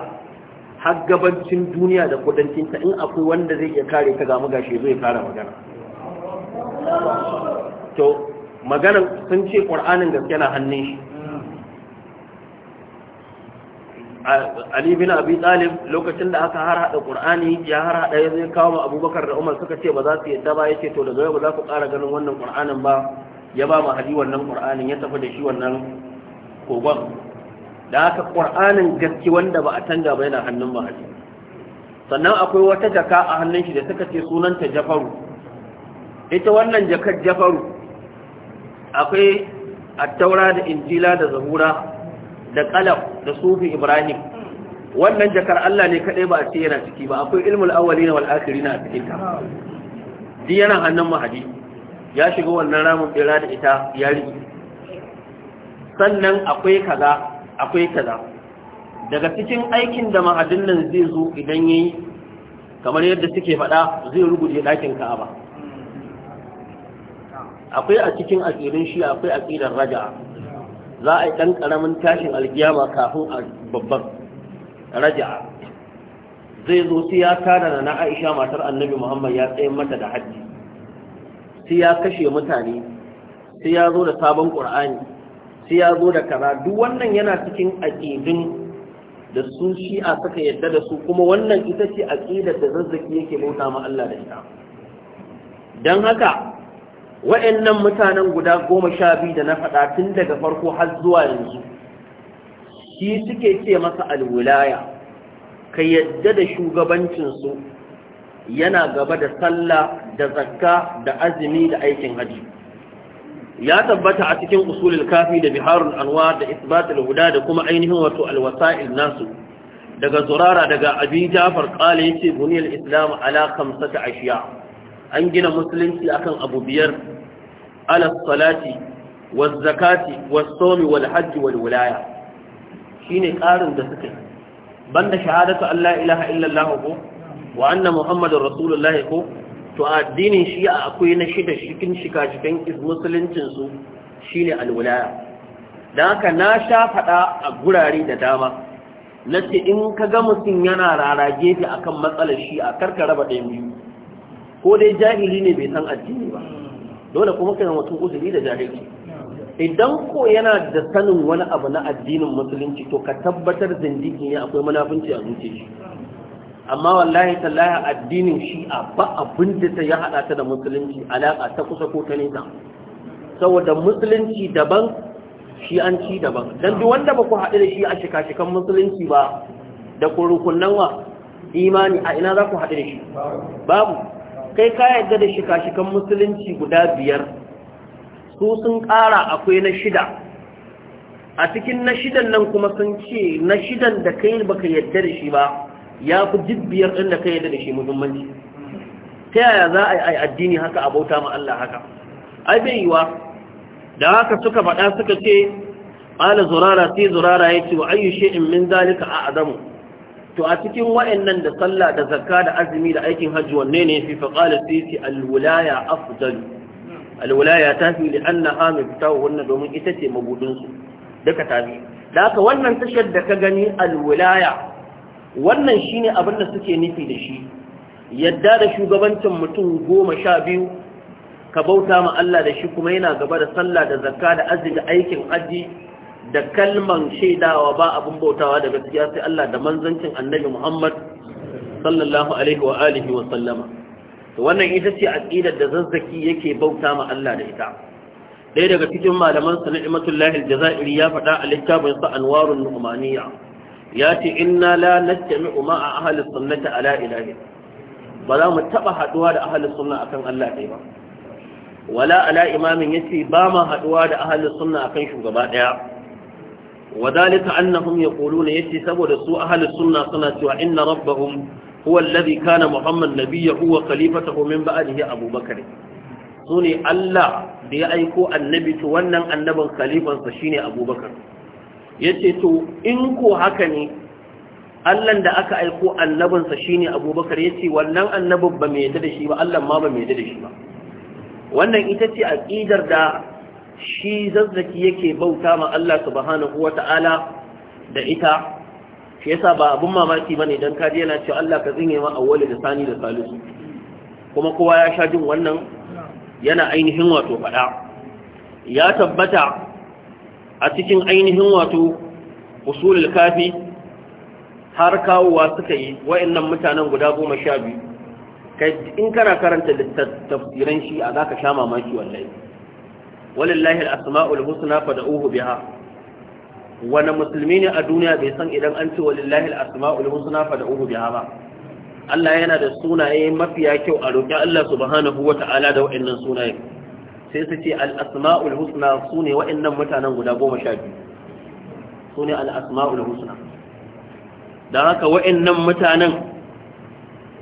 har gabancin duniya da kudancinta in akwai wanda zai iya kare ta gamu gashi zai kare magana to maganar sun ce ƙwar'anin gaske na hannun shi Ali bin Abi Talib lokacin da aka har hada Qur'ani ya har hada ya zai kawo Abubakar da Umar suka ce ba za su yadda ba yace to daga yau ba za ku ƙara ganin wannan Qur'anin ba ya ba mu hadi wannan Qur'anin ya tafi da shi wannan kogon da haka Qur'anin gaske wanda ba a tanga ba yana hannun ba hadi sannan akwai wata jaka a hannun shi da suka ce sunanta Jafaru ita wannan jakar Jafaru akwai taura da injila da zabura da qalab da sufi ibrahim wannan jakar Allah ne kadai ba a ce yana ciki ba akwai ilmul awwalin wal akhirin a cikin ta din yana hannun mahadi ya shiga wannan ramin bera da ita ya ri sannan akwai kaza akwai kaza daga cikin aikin da mahadin nan zai zo idan yayi kamar yadda suke faɗa zai rubuce ɗakin Ka'aba akwai a cikin aƙidin shi akwai aƙidar raja'a za a yi ɗan ƙaramin tashin alkiyama kafin a babban raja'a zai zo sai ya tara na aisha matar annabi muhammad ya tsaye mata da hajji sai ya kashe mutane sai ya zo da sabon ƙur'ani sai ya zo da karatu. duk wannan yana cikin aƙidin da su shi'a suka yadda da su kuma wannan ita ce aƙidar da zazzaki yake bauta ma Allah da ita don haka wa'annan mutanen guda goma sha biyu da na faɗa tun daga farko har zuwa yanzu shi suke ce masa alwulaya ka yadda da shugabancinsu yana gaba da sallah da zakka da azumi da aikin haji ya tabbata a cikin usulul kafi da biharul anwar da isbatul huda da kuma ainihin wato alwasa'il nasu daga zurara daga abi jafar qala yace buniyal islam ala khamsata ashiya' an gina musulunci akan abu biyar Alas salati waz zakati was sawmi wal hajji wal wilaya shine karin da suka yi banda shahadatu Allah ilaha illallah ko wa anna muhammadar rasulullahi ko to addinin shi'a akwai na shida cikin shika-shikan musuluncin su shine alwilaya dan haka na sha fada a gurare da dama nace in ka ga mutum yana rara gefe akan matsalar shi'a karka raba ɗayan biyu ko dai jahili ne bai san addini ba dole kuma kai mutum uzuri da jahili idan ko yana da sanin wani abu na addinin musulunci to ka tabbatar zindiki ne akwai munafunci a zuci shi amma wallahi tallahi addinin shi a ba abin da ta ya hada ta da musulunci alaka ta kusa ko ta nesa saboda musulunci daban shi an ci daban dan duk wanda ba ku haɗu da shi a shika-shikan musulunci ba da kurukunan wa imani a ina za ku haɗu da shi babu kai ka yadda da shika musulunci guda biyar su sun ƙara akwai na shida a cikin na shidan nan kuma sun ce na shidan da kai baka yadda da shi ba ya fi biyar ɗin da kai yadda da shi muhimmanci ta yaya za a yi addini haka a bauta ma Allah haka ai bai yiwa da haka suka faɗa suka ce ala zurara sai zurara ya ce wa ayyu in min zalika a adamu to a cikin wa'annan da sallah da zakka da azumi da aikin hajji wanne ne fi faqala sisi alwilaya afdal alwilaya tafi li annaha mabtahu wannan domin ita ce mabudin su duka tafi da haka wannan tashar da ka gani alwilaya wannan shine abin da suke nufi da shi yadda da shugabancin mutum goma sha biyu ka bauta ma Allah da shi kuma yana gaba da sallah da zakka da azumi da aikin hajji da kalman shaidawa ba abin bautawa da gaskiya sai Allah da manzancin annabi Muhammad sallallahu alaihi wa alihi wa sallama wannan ita ce aqidar da zazzaki yake bauta ma Allah da ita Daya daga cikin malaman sa ni'matullahi aljazairi ya faɗa a littafin sa anwarun nu'maniya ya ce inna la nastami'u ma'a ahli sunnati ala ilahi ba za mu taba haduwa da ahli sunna akan Allah ɗaya ba wala ala imamin yace ba mu haduwa da ahli sunna akan shugaba ɗaya وذلك أنهم يقولون يتي سبب سوء أهل السنة صنة وإن ربهم هو الذي كان محمد نبيه وخليفته من بعده أبو بكر سوني الله دي أيكو النبي تونن النبي خليفة شيني أبو بكر yace to in ko haka ne Allah da aka aiko annabinsa shine Abubakar yace wannan annabin ba mai yadda da shi ba allan ma ba mai yadda da shi ba wannan ita ce aqidar da shi zazzaki yake bauta ma Allah subhanahu wata'ala da ita shi yasa ba abun mamaki bane dan kaji yana cewa Allah ka tsinye ma awwali da sani da salisu kuma kowa ya sha jin wannan yana ainihin wato fada ya tabbata a cikin ainihin wato usulul kafi har kawowa suka yi wayannan mutanen guda goma sha biyu in kana karanta tafsiran shi a za ka sha mamaki wallahi walillahi al-asma'ul husna uhu biha wani musulmi ne a duniya bai san idan an ce walillahi al-asma'ul husna uhu biha ba Allah yana da sunaye mafiya kyau a roƙi Allah subhanahu Ta'ala da waɗannan sunaye sai su ce Al'Asma'ul asmaul husna sune waɗannan mutanen guda goma sha biyu sune al-asma'ul husna dan haka waɗannan mutanen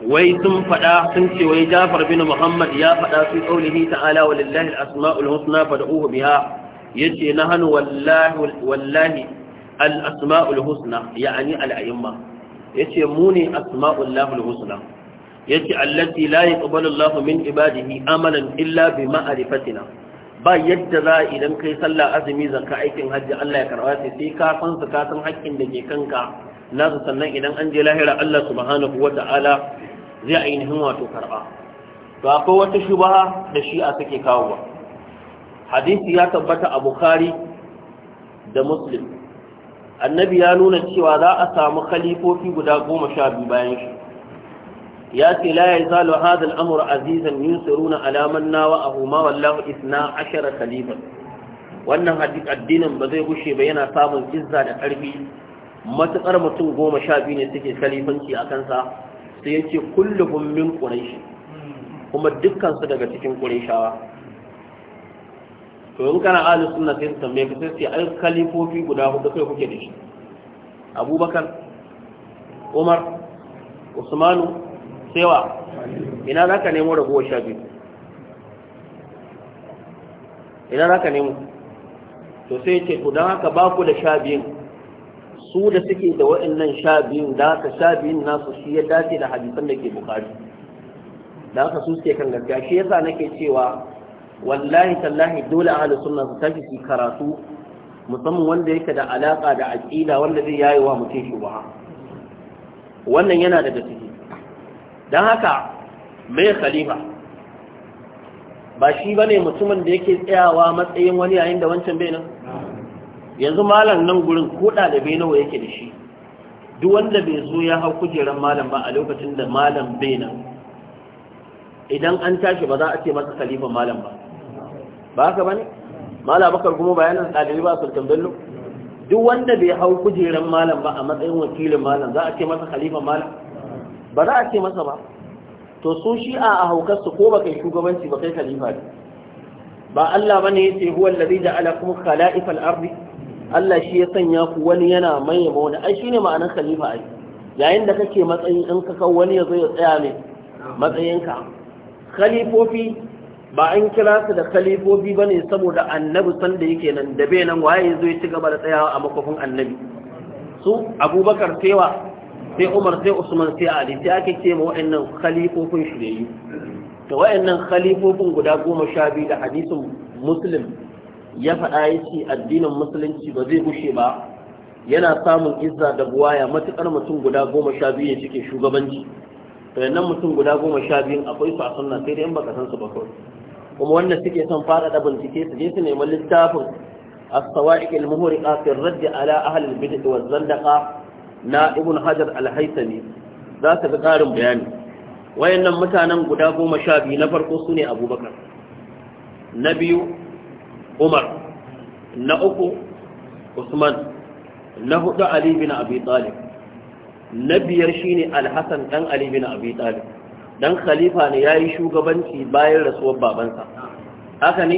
wai sun faɗa sun ce wai Jafar bin Muhammad ya faɗa fi qaulihi ta'ala wa lillahi asmaul husna fad'uhu biha ce na hannu wallahi asmaul husna ya'ni al Ya yace mu ne asma'ul lahul husna yace allati la yaqbalu Allahu min ibadihi amalan illa bi ma'rifatina ba yadda za idan kai sallah azumi zanka aikin hajji Allah ya karba sai sai ka san ka san haƙƙin da ke kanka nasu sannan idan an je lahira Allah subhanahu wa ta'ala zai ainihin wato karɓa to akwai wata shubaha da shi'a suke kawo ba hadisi ya tabbata a bukhari da muslim annabi ya nuna cewa za a samu khalifofi guda goma sha biyu bayan shi ya ce la ya zalo hadal amur azizan yusiruna alaman nawa a huma wallahu isna ashara khalifan wannan addinin ba zai gushe ba yana samun izza da ƙarfi matuƙar mutum goma sha biyu ne suke khalifanci a kansa sai yace kulluhum min quraish kuma dukkan su daga cikin qurayshawa to in kana ahli sunna sai tambaye ka sai ai kalifofi guda hudu kai kuke da shi Abubakar Umar Usmanu Sewa ina zaka nemo ragowar sha biyu ina zaka nemo to sai ce ku don haka ba ku da sha biyun su da suke da wa'annan sha biyun da haka sha biyun nasu shi ya dace da hadisan da ke bukari da haka su suke kan gaskiya shi yasa nake cewa wallahi tallahi dole ahlus sunna su tashi su karatu musamman wanda yake da alaka da aqida wanda zai yayi wa mutum shubha wannan yana da ciki dan haka mai khalifa ba shi bane mutumin da yake tsayawa matsayin wani yayin da wancan bai nan yanzu malam nan gurin ko ɗalibai nawa yake da shi duk wanda bai zo ya hau kujerar malam ba a lokacin da malam bai nan idan an tashi ba za a ce masa kalifan malam ba ba haka ba ne malam bakar kuma bayanan ɗalibi ba sultan bello duk wanda bai hau kujerar malam ba a matsayin wakilin malam za a ce masa kalifan malam ba za a ce masa ba to su shi a su ko ba kai shugabanci ba kai khalifa ne ba Allah bane yace huwa allazi ja'alakum khala'ifal ardi Allah shi ya sanya ku wani yana maye ma wani ai shine ma'anar khalifa ai yayin da kake matsayi in ka kawo wani ya zo ya tsaya mai matsayinka khalifofi ba an kira su da khalifofi bane saboda annabi san da yake nan da bai nan waye ya zo ya ci gaba da tsayawa a makofin annabi su abubakar sewa sai umar sai usman sai ali sai ake ce ma wa'annan khalifofin shiryayyu to wa'annan khalifofin guda goma sha biyu da hadisin muslim ya faɗa ya ce addinin musulunci ba zai bushe ba yana samun izza da buwaya matuƙar mutum guda goma sha biyu ne suke shugabanci to yannan mutum guda goma sha biyun akwai su a sunna sai dai in baka san su ba kawai kuma wanda suke son faɗaɗa bincike su je su nemi littafin as-sawa'iq al-muhriqa fi ar-radd ala ahli al-bid'ah wa zandaqa na ibn hajar al-haythami za su ga ƙarin bayani wayannan mutanen guda goma sha biyu na farko sune abubakar na biyu umar na uku usman na hudu ali bin abi talib na biyar shine alhassan dan ali bin abi talib dan khalifa ne yayi shugabanci bayan rasuwar babansa haka ne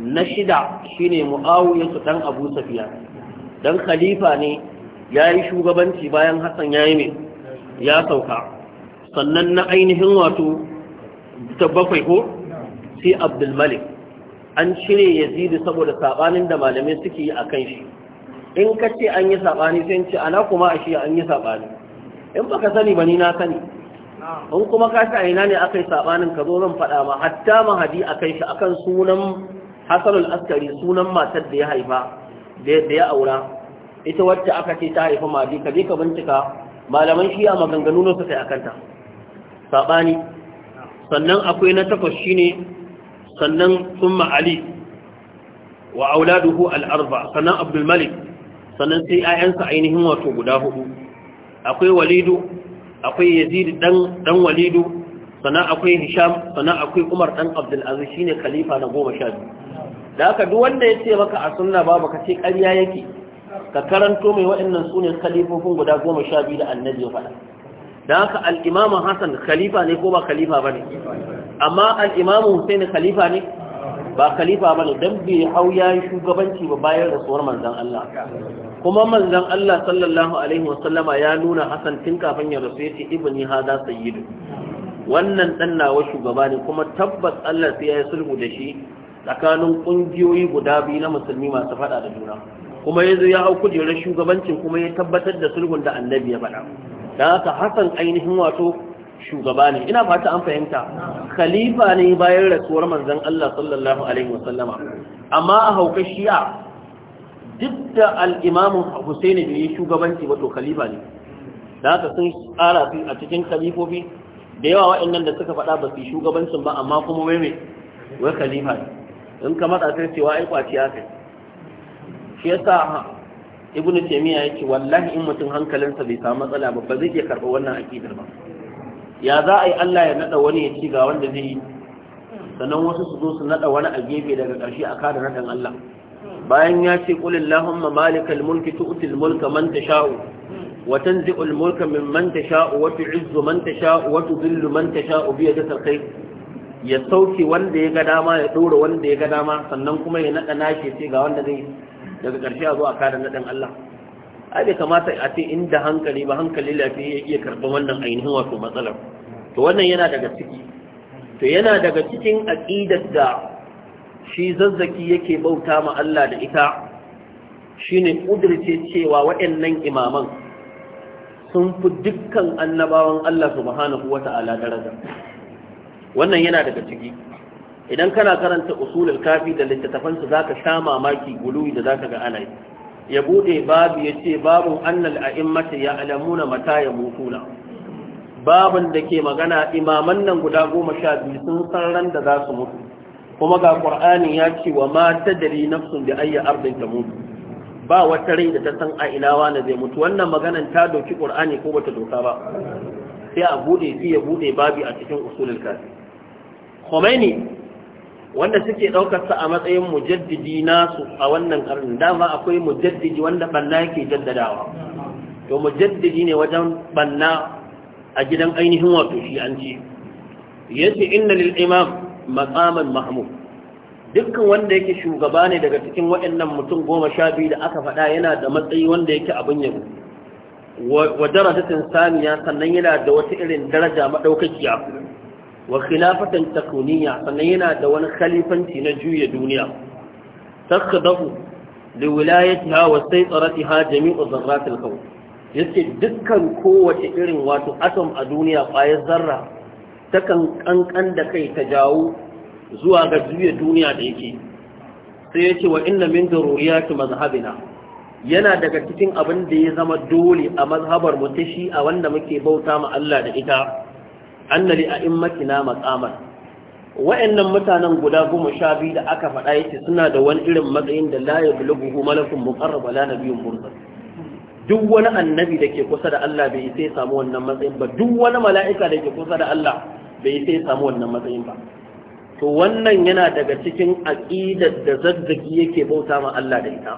na shida shine muawiya su dan abu safiya dan khalifa ne yayi shugabanci bayan hassan yayi ne ya sauka sannan na ainihin wato ta bakwai ko sai abdul malik an cire yazidu saboda sabanin da malamin suke yi kan shi in ka ce an yi sabani sai ce ana kuma a shi an yi sabani in baka sani ba ni na sani in kuma ka ta aina ne akai sabanin ka zo zan faɗa ma hatta mahadi akai shi akan sunan hasanul askari sunan matar da ya haifa da ya aura ita wacce aka ce ta haifa mahadi ka je ka bincika malaman shi a maganganu ne suka yi akanta sabani sannan akwai na takwas shine sannan summa ali wa auladuhu al-arba sannan abdul malik sannan sai ayansa ainihin wato guda hudu akwai walidu akwai yazid dan walidu sannan akwai hisham sannan akwai umar dan abdul aziz shine khalifa na goma sha biyu. da haka duk wanda ya ce maka a sunna babu kace ƙarya yake ka karanto mai waɗannan sunan khalifofin guda goma sha biyu da annabi ya faɗa da haka al Hassan, khalifa ne ko ba khalifa ba ne? amma al'imamu Hussein khalifa ne ba khalifa ba ne don bai hau ya yi shugabanci ba bayan rasuwar manzan Allah kuma manzan Allah sallallahu alaihi wasallama ya nuna Hassan tun kafin ya rasu ya ce ibni hada sayyidu wannan dan nawa shugaba ne kuma tabbas Allah sai ya yi sulhu da shi tsakanin ƙungiyoyi guda biyu na musulmi masu faɗa da juna kuma ya zo ya hau kujerar shugabancin kuma ya tabbatar da sulhun da annabi ya faɗa don haka Hassan ainihin wato shugaba ne ina fata an fahimta khalifa ne bayan rasuwar manzon Allah sallallahu alaihi wasallama amma a hauka shi'a duk da al-imamu Husaini bai yi shugabanci ba to khalifa ne da haka sun tsara su a cikin khalifofi da yawa waɗannan da suka faɗa ba su yi shugabancin ba amma kuma wai mai wai khalifa ne in ka matsa sai cewa ai kwaciya kai shi yasa ibnu taymiya yake wallahi in mutum hankalinsa bai samu matsala ba ba zai iya karɓa wannan aqidar ba ya za a yi Allah ya naɗa wani ya ci ga wanda zai yi sannan wasu su zo su naɗa wani a gefe daga ƙarshe a kada naɗan Allah bayan ya ce qul allahumma malikal mulki tu'utul mulka man tasha'u wa tanzi'ul mulka min mimman tasha'u wa tu'izzu man tasha'u wa tudhillu man tasha'u biya yadikal sarkai. ya sauke wanda ya ga dama ya ɗora wanda ya ga dama sannan kuma ya nada nashi ce ga wanda zai daga ƙarshe a zo a kada naɗan Allah ai bai kamata a ce inda hankali ba hankali lafiya ya iya karɓar wannan ainihin wato matsalar to wannan yana daga ciki to yana daga cikin aqidar da shi zazzaki yake bauta ma Allah da ita shine kudirce cewa waɗannan imaman sun fi dukkan annabawan Allah subhanahu wata'ala daraja wannan yana daga ciki idan kana karanta usulul kafi da littattafan su zaka sha mamaki guluwi da zaka ga ana ya bude babu yace babu annal a'immata ya'lamuna mata ya yamutuna babin da ke magana imaman nan guda goma sha biyu sun san ran da za su mutu kuma ga ƙur'ani ya ce wa mata ta dari nafsun da ayya ardin ta mutu ba wata rai da ta san a ina wani zai mutu wannan maganan ta doki ƙur'ani ko bata doka ba sai a bude fi ya bude babi a cikin usulul kasi Khomeini wanda suke daukar a matsayin mujaddidi nasu a wannan karni dama akwai mujaddidi wanda banna yake jaddadawa to mujaddidi ne wajen banna a gidan ainihin wato shi an ce yace inna lil imam maqaman mahmud dukkan wanda yake shugaba ne daga cikin waɗannan mutum goma sha biyu da aka faɗa yana da matsayi wanda yake abin yabo wa darajatin saniya sannan yana da wata irin daraja madaukakiya wa khilafatan takuniya sannan yana da wani khalifanci na juya duniya takhdahu liwilayatiha wa saytaratiha jami'u dharratil kau. yace dukkan kowace irin wato atom a duniya kwayar zarra ta kan kankan da kai ta jawo zuwa ga juya duniya da yake sai yace wa inna min ki mazhabina yana daga cikin abin da ya zama dole a mazhabar mu ta a wanda muke bauta ma Allah da ita a in na maqaman wa'annan mutanen guda goma sha biyu da aka faɗa yake suna da wani irin matsayin da la bulugu malakun muqarrab la nabiyun mursal duk wani annabi da ke kusa da Allah bai sai samu wannan matsayin ba duk wani mala'ika da ke kusa da Allah bai sai samu wannan matsayin ba to wannan yana daga cikin aqidar da zazzaki yake bauta ma Allah da ita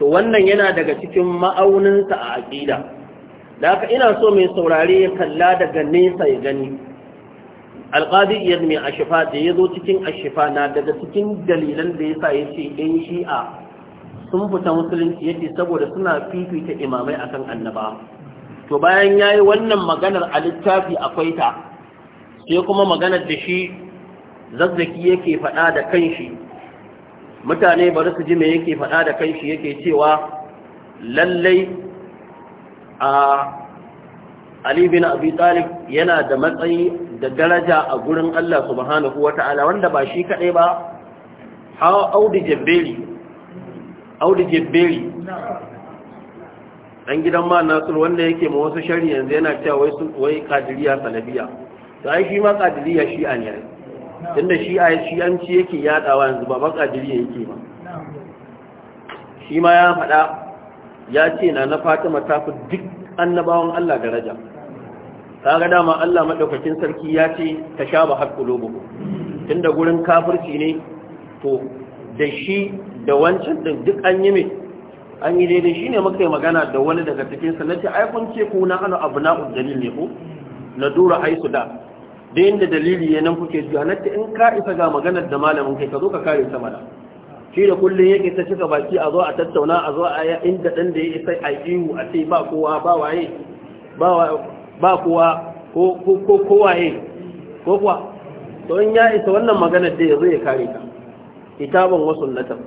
to wannan yana daga cikin ma'auninsa a aƙida? da haka ina so mai saurare ya kalla daga nesa ya gani alqadi iyad mai ashifa da ya zo cikin ashifa na daga cikin dalilan da ya sa ya ce in shi'a sun fita musulunci yake saboda suna fifita imamai akan annaba to bayan yayi wannan maganar a littafi akwai ta sai kuma maganar da shi zazzaki yake faɗa da kanshi mutane bari su ji me yake faɗa da kanshi yake cewa lallai a Ali bin Abi Talib yana da matsayi da daraja a gurin Allah subhanahu ta'ala wanda ba shi kaɗai ba hawa Audu Jabbeli audu jebberi dan gidan ma nasir wanda yake ma wasu shari yanzu yana cewa wai kadiriya salabiya da ai shi ma kadiriya shi'a ne tunda an ci yake yadawa yanzu ba ba kadiriya yake ba shi ma ya faɗa ya ce na na fatima ta fi duk annabawan Allah daraja ga dama Allah madaukakin sarki ya ce ta sha ba har tunda gurin kafirci ne to da shi da wancan da duk an yi mai an yi daidai shi ne maka yi magana da wani daga cikinsa na ce aikun ce ku na hannu abu na dalil ne ku na dura haisu da da yin da dalili ya nan kuke juya na ce in ka isa ga maganar da malamin kai ka zo ka kare ta mana shi da kullum yake ta cika baki a zo a tattauna a zo a inda ɗan da ya isa a ihu a ce ba kowa ba waye ba kowa ko kowaye ko kuwa to in ya isa wannan maganar da ya zo ya kare ka. Kitabun wasu sunnatan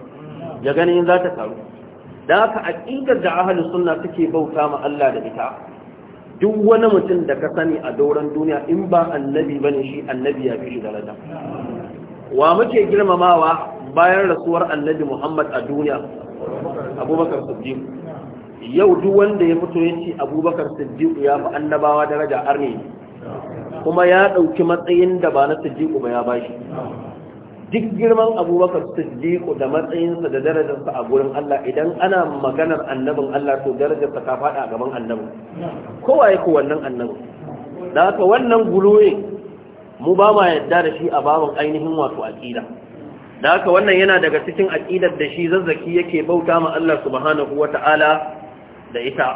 ya gani in za ta karu da haka aqidar da ahlus sunna suke bauta ma Allah da ita duk wani mutum da ka sani a dauran duniya in ba annabi bane shi annabi ya fi shi daraja wa muke girmamawa bayan rasuwar annabi Muhammad a duniya Abubakar Siddiq yau duk wanda ya fito yace Abubakar Siddiq ya fi annabawa daraja arne kuma ya ɗauki matsayin da ba na Siddiq ba ya bashi duk girman abubakar siddiqu da matsayinsa da darajarsa a gurin Allah idan ana maganar annabin Allah to darajarsa ta faɗa a gaban annabin kowa yake wannan annabin da haka wannan guloye mu ba ma yadda da shi a babin ainihin wato aqida da haka wannan yana daga cikin aqidar da shi zazzaki yake bauta ma Allah subhanahu Ta'ala da ita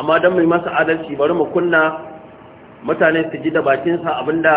amma dan mai masa adalci bari mu kunna mutane su ji da bakinsa sa abinda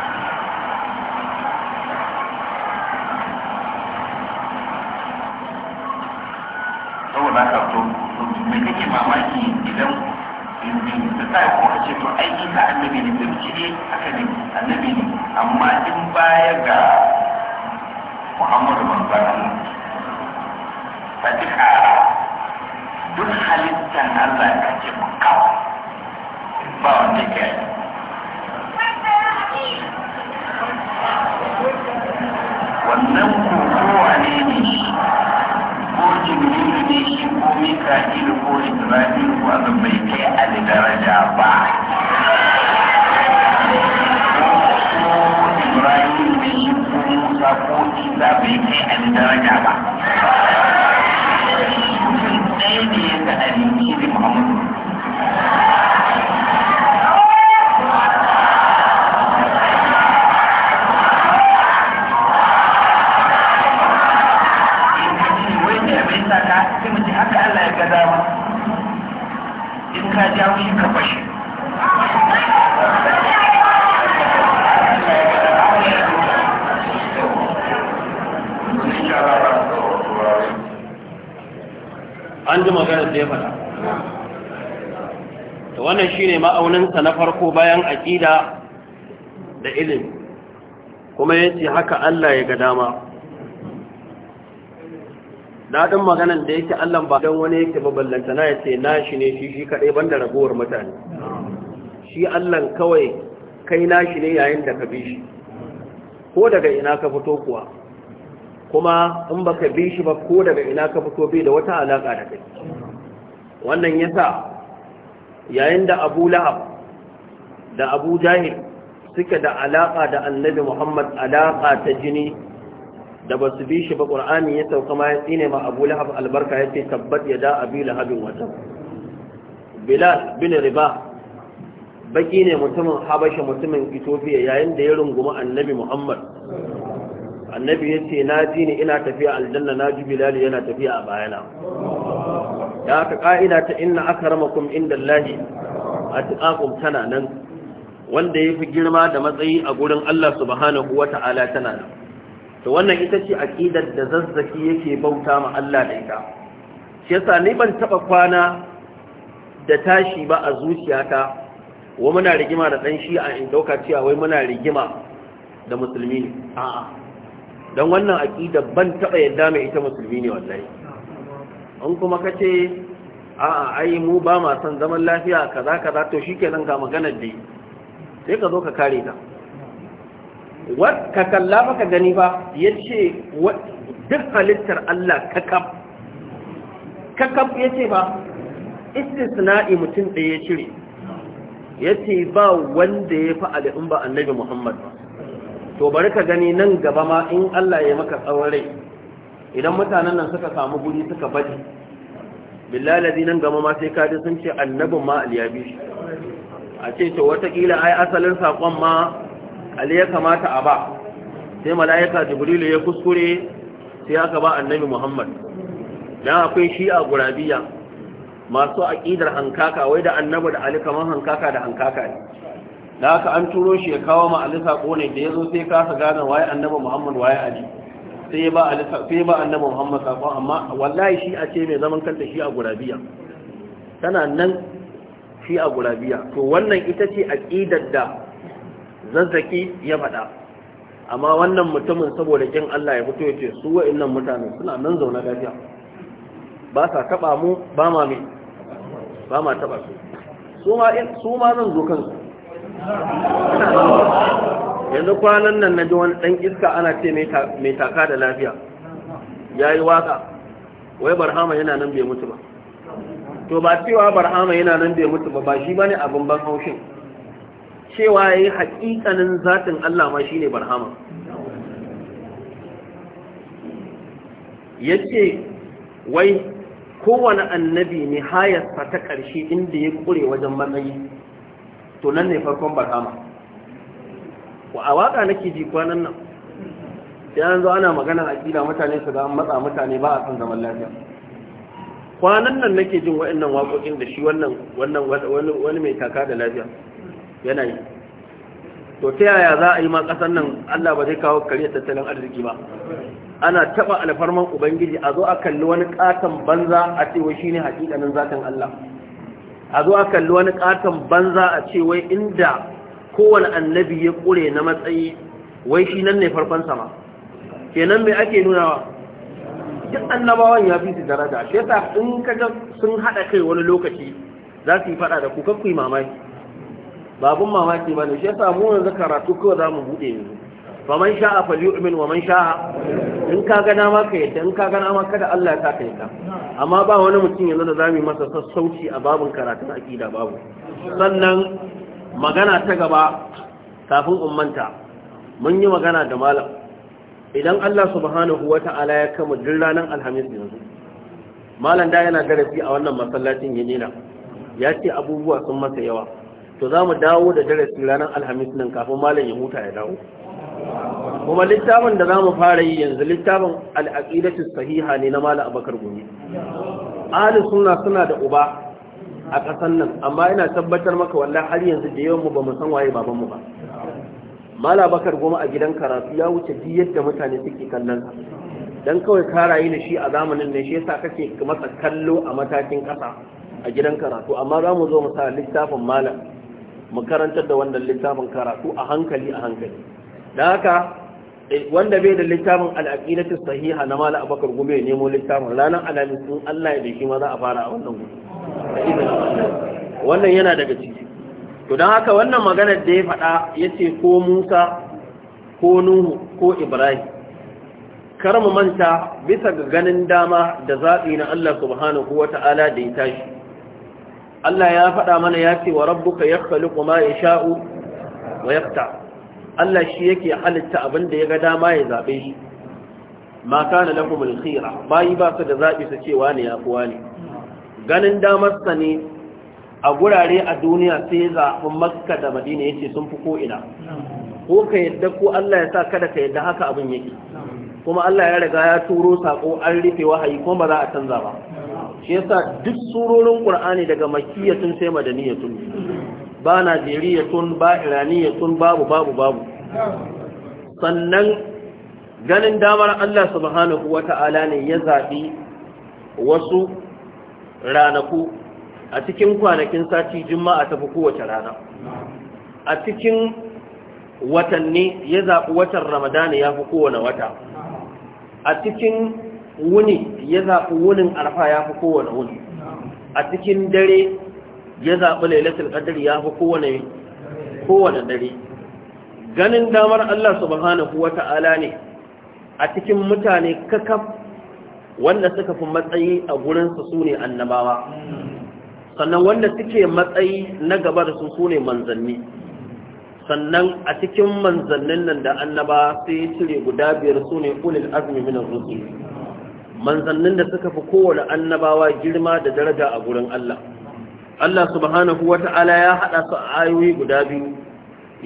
da ba ka to me kake mamaki idan da ta ko a ce to aiki ka annabi ne da ciki eh, haka ne annabi ne amma in baya ga Muhammadu manzon Allah ba duk ƙara duk halittar Allah kake makawa ba wanda ke na farko bayan aƙida da ilimi kuma ya ce haka Allah ya ga dama daɗin maganan da yake Allah ba don wani yake baballanta na ya ce na ne shi shi kaɗai banda ragowar mutane shi Allah kawai kai na shi ne yayin da ka bi shi ko daga ina ka fito kuwa kuma in ba ka bi shi ba ko daga ina ka fito bai da wata alaƙa da kai wannan yasa yayin da abu lahab da abu jahil da alaƙa da annabi muhammad alaƙa ta jini da ba su bi shi ba ƙur'ani ya sauka ma ya tsine ma abu lahab albarka ya ce tabbat ya da abi lahabin wata bilal bin riba baki ne mutumin habasha mutumin ethiopia yayin da ya runguma annabi muhammad annabi ya ce na ji ni ina tafiya aljanna na ji bilal yana tafiya a bayana da ka ka'ida ta inna akramakum inda allahi a tana nan wanda ya fi girma da matsayi a gurin Allah subhanahu wa ta'ala tana da, to wannan ita ce aqidar da zazzaki yake bauta ma Allah da ita shi yasa ni ban taɓa kwana da tashi ba a zuciyata wa muna rigima da dan shi a in ɗauka cewa wai muna rigima da musulmi ne a'a don wannan aƙidar ban taɓa yadda mai ita musulmi ne wallahi an kuma kace a'a ai mu ba ma son zaman lafiya kaza kaza to shikenan ga maganar da sai ka zo ka kare ta ka kalla maka gani ba ya ce duk halittar Allah kakam kakam ya ce ba istisna'i mutum ɗaya ya cire ya ce ba wanda ya fi al'in ba annabi Muhammad ba to bari ka gani nan gaba ma in Allah ya maka tsawon rai idan mutanen nan suka samu guri suka baje billahi nan gaba ma sai kaji sun ce annabin ma aliyabi a ce to watakila ai asalin saƙon ma ali ya kamata a ba sai mala'ika jibrilu ya kuskure sai aka ba annabi muhammad dan akwai shi a gurabiya masu aƙidar hankaka wai da annabi da ali kamar hankaka da hankaka ne da aka an turo shi ya kawo ma ali saƙo ne da ya zo sai kasa gane waye annabi muhammad waye ali sai ba ali sai ba annabi muhammad saƙo amma wallahi shi a ce mai zaman kanta shi a gurabiya tana nan shi a gurabiya to wannan ita ce ƙidar da zazzaki ya faɗa amma wannan mutumin saboda kin Allah ya fito ya ce su innan mutane suna nan zaune gafiya ba sa taɓa mu ba ma mai ba ma taɓa su su ma zan zo kansu yanzu kwanan nan na ji wani ɗan iska ana ce mai taka da lafiya ya yi waka wai barhama yana nan bai mutu ba to ba cewa barhama yana nan bai mutu ba ba shi bane abin ban haushin cewa yayi hakikanin zatin Allah ma shine barhama yace wai kowane annabi ne hayasta ta ƙarshe inda ya ƙure wajen matsayi to nan ne farkon barhama wa a waka nake ji kwanan nan sai ana magana a kila mutane su ga matsa mutane ba a son zaman lafiya kwanan nan nake jin wa'annan waƙoƙin da shi wannan wannan wani mai kaka da lafiya yana yi to ta yaya za a yi ma ƙasar nan Allah ba zai kawo kare tattalin arziki ba ana taɓa alfarman ubangiji a zo a kalli wani ƙaton banza a ce wai shine hakikanin zatin Allah a zo a kalli wani ƙaton banza a ce wai inda kowane annabi ya ƙure na matsayi wai shi nan ne farkon sama kenan me ake nunawa duk annabawan ya fi su daraja shi yasa in ka ga sun hada kai wani lokaci za su yi fada da ku kakwai mamaki babun mamaki ba ne shi yasa mu yanzu karatu kawai za mu buɗe yanzu fa man sha'a umin wa man sha'a in ka ga na ka yadda in ka ga maka kada Allah ya sa ka yadda amma ba wani mutum yanzu da zamu yi masa sassauci a babun karatun aqida babu sannan magana ta gaba kafin ummanta mun yi magana da malam idan Allah subhanahu wa ta'ala ya kama duk ranar alhamis yanzu malam da yana darasi a wannan masallacin yanina ya ce abubuwa sun masa yawa to za mu dawo da darasi ranar alhamis nan kafin malam ya huta ya dawo kuma littafin da za mu fara yi yanzu littafin al'aƙidatu sahiha ne na malam abakar gumi ahalin suna suna da uba a ƙasan nan amma ina tabbatar maka wallahi har yanzu da yawan mu ba mu san waye baban mu ba mala bakar goma a gidan karatu ya wuce duk yadda mutane suke kallon dan kawai karayi ne shi a zamanin ne shi yasa kake masa kallo a matakin kasa a gidan karatu amma za mu zo mu sa littafin malam mu karantar da wannan littafin karatu a hankali a hankali da haka eh, wanda bai da littafin al-aqidatu sahiha na mala abakar gume ya nemo littafin ranan alamin sun Allah ya dake shi ma za a fara a wannan gudu wannan yana daga ciki to don haka wannan maganar da ya faɗa ya ce ko musa ko nuhu ko ibrahim kar mu manta bisa ga ganin dama da zaɓi na Allah subhanahu wa ta'ala da ya tashi Allah ya faɗa mana ya ce wa rabbuka ya kuma ma sha'u wa yaqta Allah shi yake halitta abin da ya ga dama ya zaɓe shi ma kana na al bayi ba su da zaɓi su cewa ne ya kuwa ne ganin damar ne a gurare a duniya sai zaɓin makka da madina ya ce sun fi ko'ina ko ka yadda ko Allah ya sa kada ka yadda haka abin yake kuma Allah ya riga ya turo sako an rufe wahayi kuma ba za a canza ba shi yasa duk surorin Qur'ani daga tun sai tun ba tun, ba tun babu babu babu sannan ganin damar Allah subhanahu Ta'ala ne ya zaɓi wasu ranaku a cikin kwanakin sati juma'a ta fi kowace rana a cikin watanni ya zaɓi watan ramadana ya fi kowane wata a cikin wuni ya zaɓi wunin arfa ya fi kowane wuni a cikin dare ya zaɓi lailatul qadr ya fi kowane kowane dare ganin damar Allah subhanahu wata'ala ne a cikin mutane kakaf wanda suka fi matsayi a gurinsa su ne annabawa sannan wanda suke matsayi na gaba da su sune manzanni sannan a cikin manzannin nan da annaba sai ya cire guda biyar sune ulil azmi min ar-rusul manzannin da suka fi kowane annabawa girma da daraja a gurin Allah Allah subhanahu wata'ala ya hada su a ayoyi guda biyu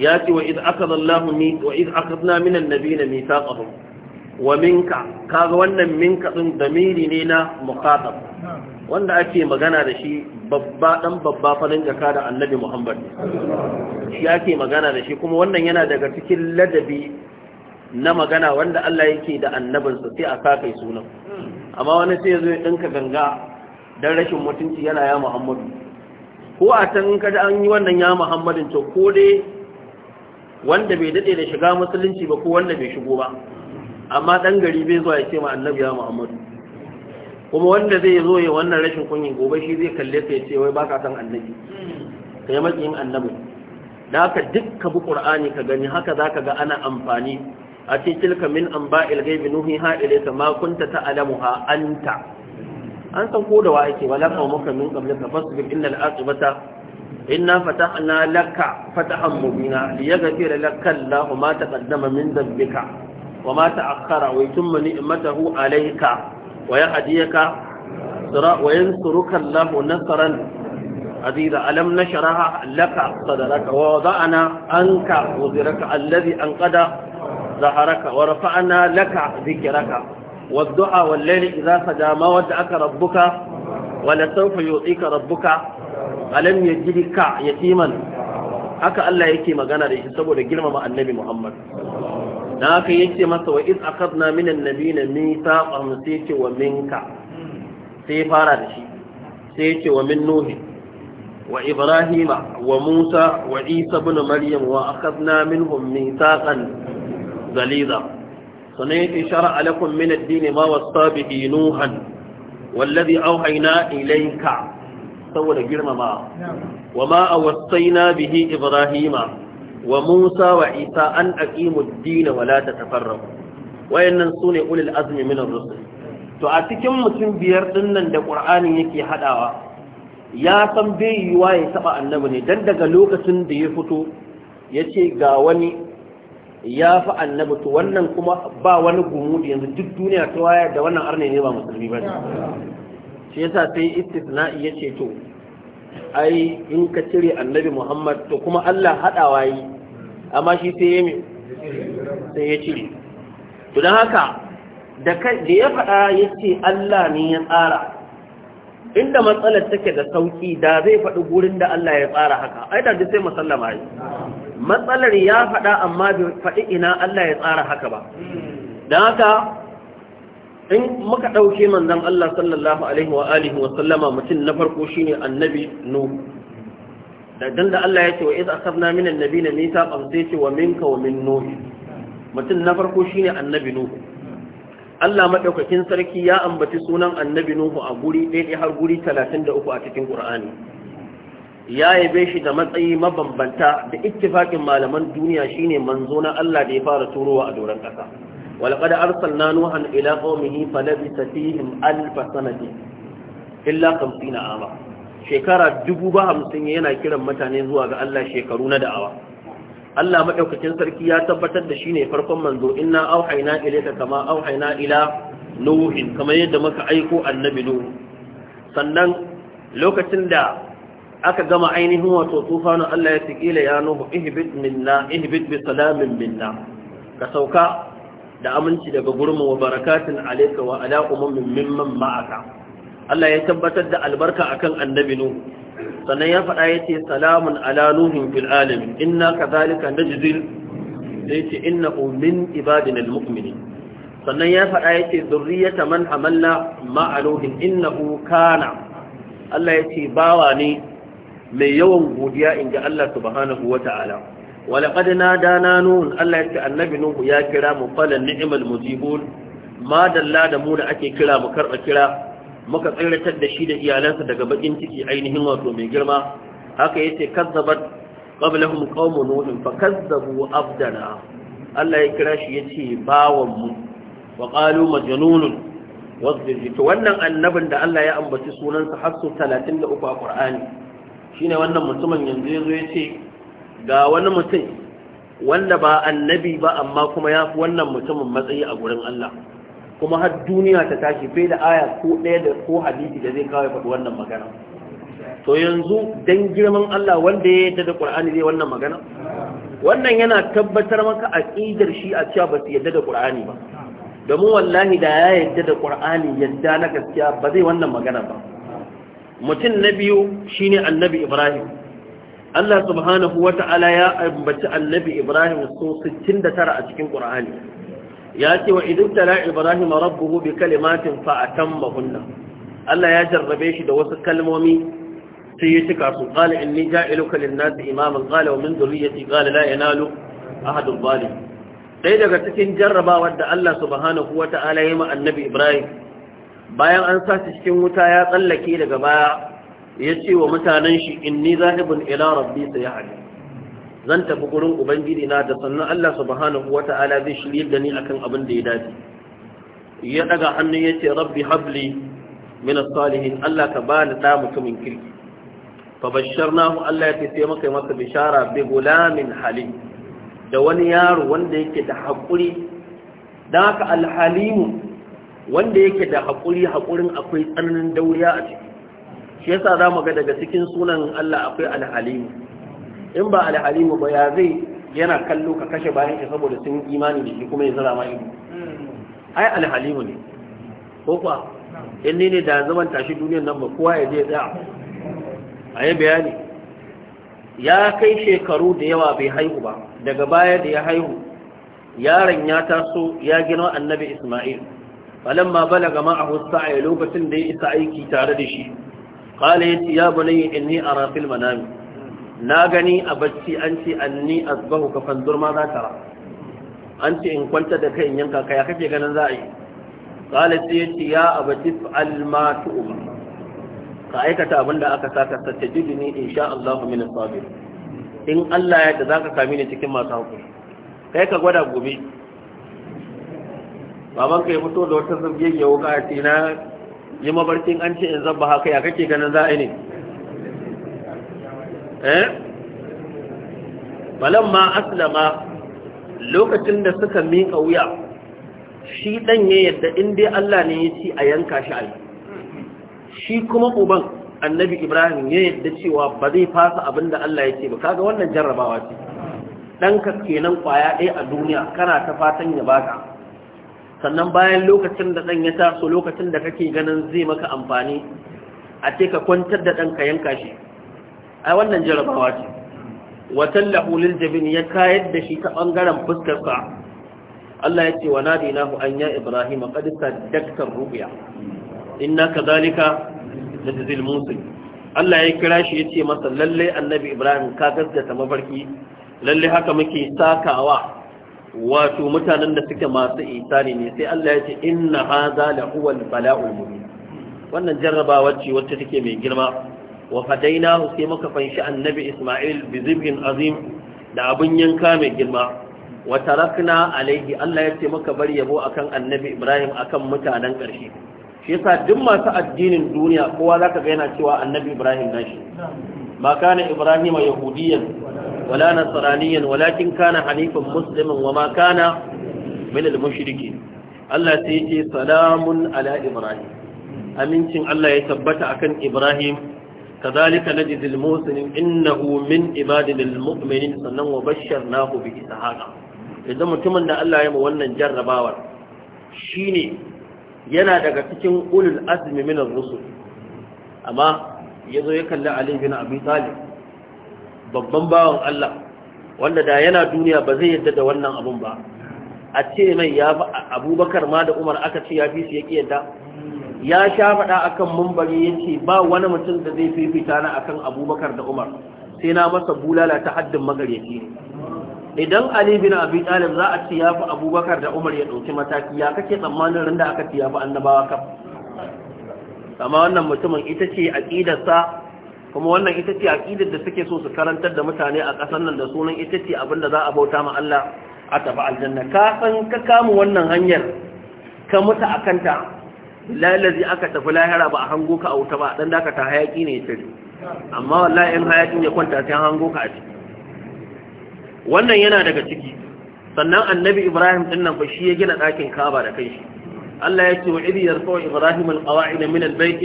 ya ce wa iz akhadha Allahu ni wa iz akhadna min an mithaqahum wa minka kaga wannan minka din damiri ne na muqatab wanda ake magana da shi babba dan babba farin jaka da annabi Muhammad shi ake magana da shi kuma wannan yana daga cikin ladabi na magana wanda Allah yake da annabinsa sai a sakai sunan amma wani sai zo ya dinka ganga dan rashin mutunci yana ya Muhammadu ko a tan ka da an yi wannan ya Muhammadin to ko dai wanda bai dade da shiga musulunci ba ko wanda bai shigo ba amma dan gari bai zuwa ya ce ma annabi ya Muhammadu kuma wanda zai zo ya wannan rashin kunyin gobe shi zai kalle ka ce wai baka san annabi kai makiyin annabi da haka bi qur'ani ka gani haka zaka ga ana amfani a ce tilka min anba'il ghaibi nuhiha ilayka ma kunta ta'lamuha anta an san ko da wa ake wala qaumuka min qablika fasbir innal aqibata inna fatahna laka fatahan mubina liyaghfira laka Allahu ma taqaddama min dhanbika wa ma ta'akhkhara wa yutimma ni'matahu alayka wa yahdiyaka sira wa yansuruka Allahu nasran aziza alam nashraha laka sadraka wa wada'na anka wuzraka alladhi anqada zaharaka laka والدعاء والليل إذا سجى ما ودعك ربك ولسوف يعطيك ربك ألم يجدك يتيما haka Allah yake magana da shi saboda girmama annabi Muhammad da haka ce masa wa iz akhadna min annabiyina mithaqan sai ce wa minka sai fara da shi sai ce wa min nuhi wa ibrahima wa musa wa isa ibn maryam wa akhadna minhum mithaqan ghaliza sanai yace shar'a lakum min ad-din ma wasa bihi nuhan wallazi awhayna ilayka saboda girmama wa ma awsayna bihi ibrahima wa Musa wa Isa an aqimu ad-din wa la tatafarraqu wayannan sune ulul azmi min ar-rusul to a cikin mutum biyar ɗinnan da Qur'ani yake hadawa ya san bai yiwa ya taba annabi ne dan daga lokacin da ya fito yace ga wani ya fi annabi to wannan kuma ba wani gumudi yanzu duk duniya ta waya da wannan arne ne ba musulmi ba ne shi yasa sai istisna'i yace to ai in ka cire annabi Muhammad to kuma Allah haɗawa yi amma shi sai ya sai ya cire to haka da ya faɗa ya ce Allah ne ya tsara inda matsalar take da sauƙi da zai faɗi gurin da Allah ya tsara haka ai da sai musallama yi matsalar ya faɗa amma bai faɗi ina Allah ya tsara haka ba don haka in muka ɗauke manzon Allah sallallahu alaihi wa'alihi alihi wa sallama mutum na farko shine annabi nuhu da dan da Allah ya ce wa iz asabna min annabiyina mithaqan sai ce wa minka wa min nuh mutum na farko shine annabi nuh Allah madaukakin sarki ya ambaci sunan annabi nuh a guri ɗaya har guri 33 a cikin Qur'ani ya yabe shi da matsayi mabambanta da ittifaqin malaman duniya shine manzo na Allah da ya fara turowa a doron ƙasa walaqad arsalna nuhan ila qaumihi falabisa fihim alf sanati illa 50 ama shekara dubu ba hamsin yana kiran mutane zuwa ga Allah shekaru na da'awa Allah maɗaukacin sarki ya tabbatar da shi ne farkon manzo inna auhaina ilayka kama auhaina ila nuhin kamar yadda muka aiko annabi nuhu sannan lokacin da aka gama ainihin wato tufanu Allah ya tikila ya nuhu ihbit minna ihbit bi salamin minna ka sauka da aminci daga gurmu wa barakatun alayka wa ala ummin mimman ma'aka Allah ya tabbatar da albarka akan annabi Nuhu sannan ya faɗa ya ce salamun ala nuhin fil alamin inna kadhalika najzil sai ce innahu min ibadina almu'minin sannan ya faɗa ya ce zurriyata man hamalna ma'a nuhin innahu kana Allah ya ce bawa ne mai yawan godiya inda Allah subhanahu wata'ala ولقد نادانا نون الله يتي النبي نوح يا كرام فلن نعم المجيبون ما دلنا da mu da ake kira mu karba kira muka tsiratar da shi da iyalansa daga bakin ciki ainihin wato mai girma haka yace kazzabar! qablahum qaumun nuh fa kazzabu abdana Allah ya kira shi ya ce, bawanmu. wa qalu majnunun to wannan annabin da Allah ya ambaci sunansa har su uku a shi ne wannan mutumin yanzu ya yace ga wani mutum wanda ba annabi ba amma kuma yafi wannan mutumin matsayi a gurin Allah kuma har duniya ta tashi bai da aya ko ɗaya da ko hadisi da zai kawai faɗi wannan magana to yanzu dan girman Allah wanda ya yadda da Qur'ani zai wannan magana wannan yana tabbatar maka aqidar shi a cewa ba su yadda da Qur'ani ba domin wallahi da ya yadda da Qur'ani yadda na gaskiya ba zai wannan magana ba mutum na biyu shine annabi Ibrahim Allah subhanahu wata'ala ya ambaci annabi Ibrahim so 69 a cikin Qur'ani ya ce wa idin tala ibrahim rabbuhu bi kalimatin fa atammahunna Allah ya jarrabe shi da wasu kalmomi sai ya cika su qala inni ja'iluka lin-nasi imaman qala wa min dhurriyyati qala la yanalu ahadun zalim sai daga cikin jarrabawar da Allah subhanahu wata'ala ya ma annabi ibrahim bayan an sa shi cikin wuta ya tsallake daga baya ya ce wa mutanen shi inni zahibun ila rabbi sayahdi zan tafi gurin ubangiji na da sannan Allah subhanahu wata'ala zai shirye da ni akan abin da ya dace ya daga hannu ya ce rabbi habli min salihin Allah ka bani da mutumin kirki fa basharnahu Allah ya ce sai maka masa bishara bi gulamin halim da wani yaro wanda yake da hakuri dan haka alhalimu wanda yake da hakuri hakurin akwai tsananin dauriya a ciki shi yasa zamu ga daga cikin sunan Allah akwai al'alimu. in ba alhalimu ba ya zai yana kallo ka kashe bayan shi saboda sun imani da shi kuma ya zara mai ido ai alhalimu ne ko kuwa in ne da zaman tashi duniyar nan ba kowa ya je tsaya a yi bayani ya kai shekaru da yawa bai haihu ba daga baya da ya haihu yaron ya taso ya gina annabi isma'il gama balaga ma'ahu sa'a lokacin da ya isa aiki tare da shi qala ya bunayya inni ara fil manami na gani a bacci an ce anni asbahu ka fanzur ma za ta ra an ce in kwanta da kai in yanka kaya kake ganin za a yi qala ya yace ya abati fa'al ma tu'ma ka aikata abin da aka saka satajidni insha Allah min sabir in Allah ya za zaka sami ni cikin masu hakuri kai ka gwada gobe baban ka ya fito da wata zabiyayya wuka a tina yi mabarkin an ce in zabba haka ya kake ganin za a yi ne eh ma aslama lokacin da suka miƙa wuya shi ɗan yadda inda Allah ne ya ci a yanka shi ayi. shi kuma uban annabi ibrahim ya yadda cewa ba zai fasa abin da Allah ya ce ba kaga wannan jarrabawa ce ɗanka kenan ƙwaya ɗaya a duniya kana ta fatan ya baka sannan bayan lokacin da ɗan ya taso lokacin da kake ganin zai maka amfani a ce ka kwantar da ɗanka yanka shi A wannan jarabawa ce watallahu lil jabin ya kayar da shi ta bangaren fuskarka? Allah ya ce wa nadinahu an ya ibrahim qad saddaqta ru'ya inna kadhalika najzil musil Allah ya kira shi yace masa lallai annabi ibrahim ka gaskata mafarki Lallai haka muke sakawa wato mutanen da suke masu isani ne sai Allah ya ce inna hadha la huwal bala'ul mubin wannan jarrabawa ce wacce take mai girma wa fadaina sai muka fanshi annabi Isma'il bi azim da abin yanka mai girma wata rakna alaihi Allah ya ce muka bar yabo akan annabi Ibrahim akan mutanen ƙarshe shi yasa duk masu addinin duniya kowa zaka ga yana cewa annabi Ibrahim shi? ma kana Ibrahim yahudiyan wala nasraniyan walakin kana hanifan wa wama kana min al-mushrikin Allah sai ce salamun ala Ibrahim amincin Allah ya tabbata akan Ibrahim كذلك نجد المحسنين إنه من عبادنا المؤمنين sannan wa basharnahu bi ishaqa idan mutumin da Allah ya mu wannan jarrabawar shine yana daga cikin ulul azmi min ar-rusul amma ya kalli Ali bin Abi Talib babban bawan Allah wanda da yana duniya ba zai yarda da wannan abun ba a ce mai ya Abubakar ma da Umar aka ce ya fi su yake yadda ya sha faɗa akan mumbari ce ba wani mutum da zai fifita na akan Abubakar da Umar sai na masa bulala ta haddin magaryaci idan Ali bin Abi za a ci Abubakar da Umar ya ɗauki mataki ya kake tsammanin rinda aka ci annabawa kaf amma wannan mutumin ita ce aqidarsa kuma wannan ita ce aƙidar da suke so su karantar da mutane a ƙasar nan da sunan ita ce abin da za a bauta ma Allah a tafi aljanna ka san ka kamu wannan hanyar ka mutu a kanta lalazi aka tafi lahira ba a hango ka a wuta ba dan da ka ta hayaki ne ya tare amma wallahi in hayakin ya kwanta sai hango ka a ciki wannan yana daga ciki sannan annabi ibrahim din nan fa shi ya gina ɗakin kaba da kai shi Allah ya ce wa idh yarfa'u ibrahim alqawa'id min albayt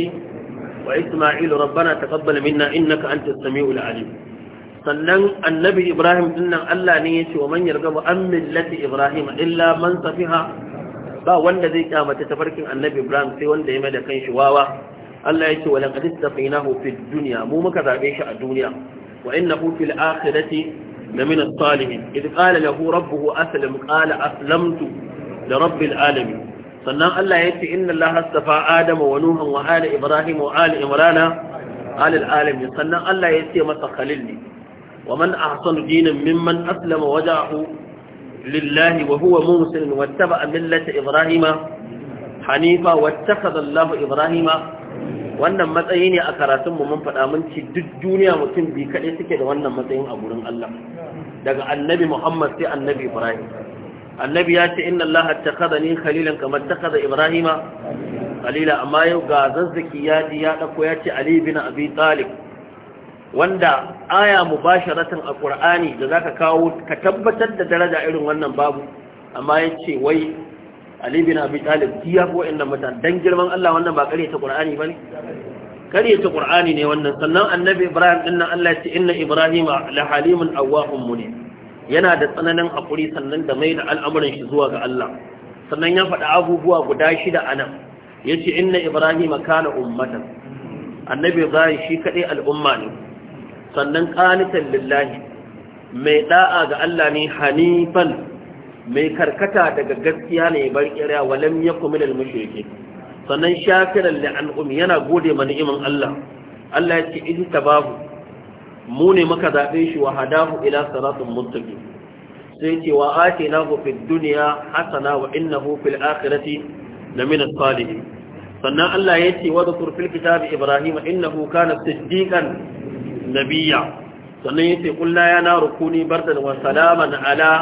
wa isma'il rabbana taqabbal minna innaka antas samiul alim sannan annabi ibrahim din nan Allah ne ya ce wa man yarghabu an millati ibrahim illa man safiha ba wanda zai kyamata tafarkin annabi ibrahim sai wanda ya mai da kanshi wawa Allah ya ce wa laqad istafaynahu fid duniya mu muka zaɓe shi a duniya wa innahu fil akhirati lamina salihin id qala lahu rabbuhu aslam qala aslamtu li rabbil alamin sannan Allah ya ce inna Allah astafa adama wa nuha wa ali ibrahim wa ali imran ala alamin sannan Allah ya ce masa khalil ne wa man ahsanu dinan mimman aslama wajahu lillahi wa huwa musulun wattaba a millata hanifa wattaka zallahu wannan matsayi ne a karatunmu mun faɗa mun ci duk duniya mutum bi kaɗai suke da wannan matsayin a gurin Allah daga annabi Muhammad sai annabi Ibrahim annabi ya ce inna Allah attakhadani khalilan kama attakhadha Ibrahima khalila amma yau ga zazzaki ya ji ya dauko ya ce Ali bin Abi Talib wanda aya mubasharatan a Qur'ani da zaka kawo ka tabbatar da daraja irin wannan babu amma ce, wai Ali bin Abi Talib diya ko mutan Don girman Allah wannan ba kare ta ba ne? kare ta ƙur'ani ne wannan sannan Annabi Ibrahim dinnan Allah yace inna Ibrahima la halimun awwahum ne. yana da tsananin hakuri sannan da mai da al'amuran shi zuwa ga Allah sannan ya faɗa abubuwa guda shida anan yace inna Ibrahima kana ummatan Annabi Ibrahim shi kadai al'umma ne sannan qanitan lillahi mai da'a ga Allah ne hanifan mai karkata daga gaskiya ne bar kira walam yakum minal mushrikin sannan shakiran li'an'um yana gode ma ni'iman Allah Allah ya ce idi tabahu mu ne muka zabe shi wa hadahu ila siratin mustaqim sai ce wa atinahu fid dunya hasana wa innahu fil akhirati lamina salihin sannan Allah ya ce wa dhakur fil kitabi ibrahim innahu kana siddiqan nabiyya sannan ya ce kulla ya rukuni bardan wa na ala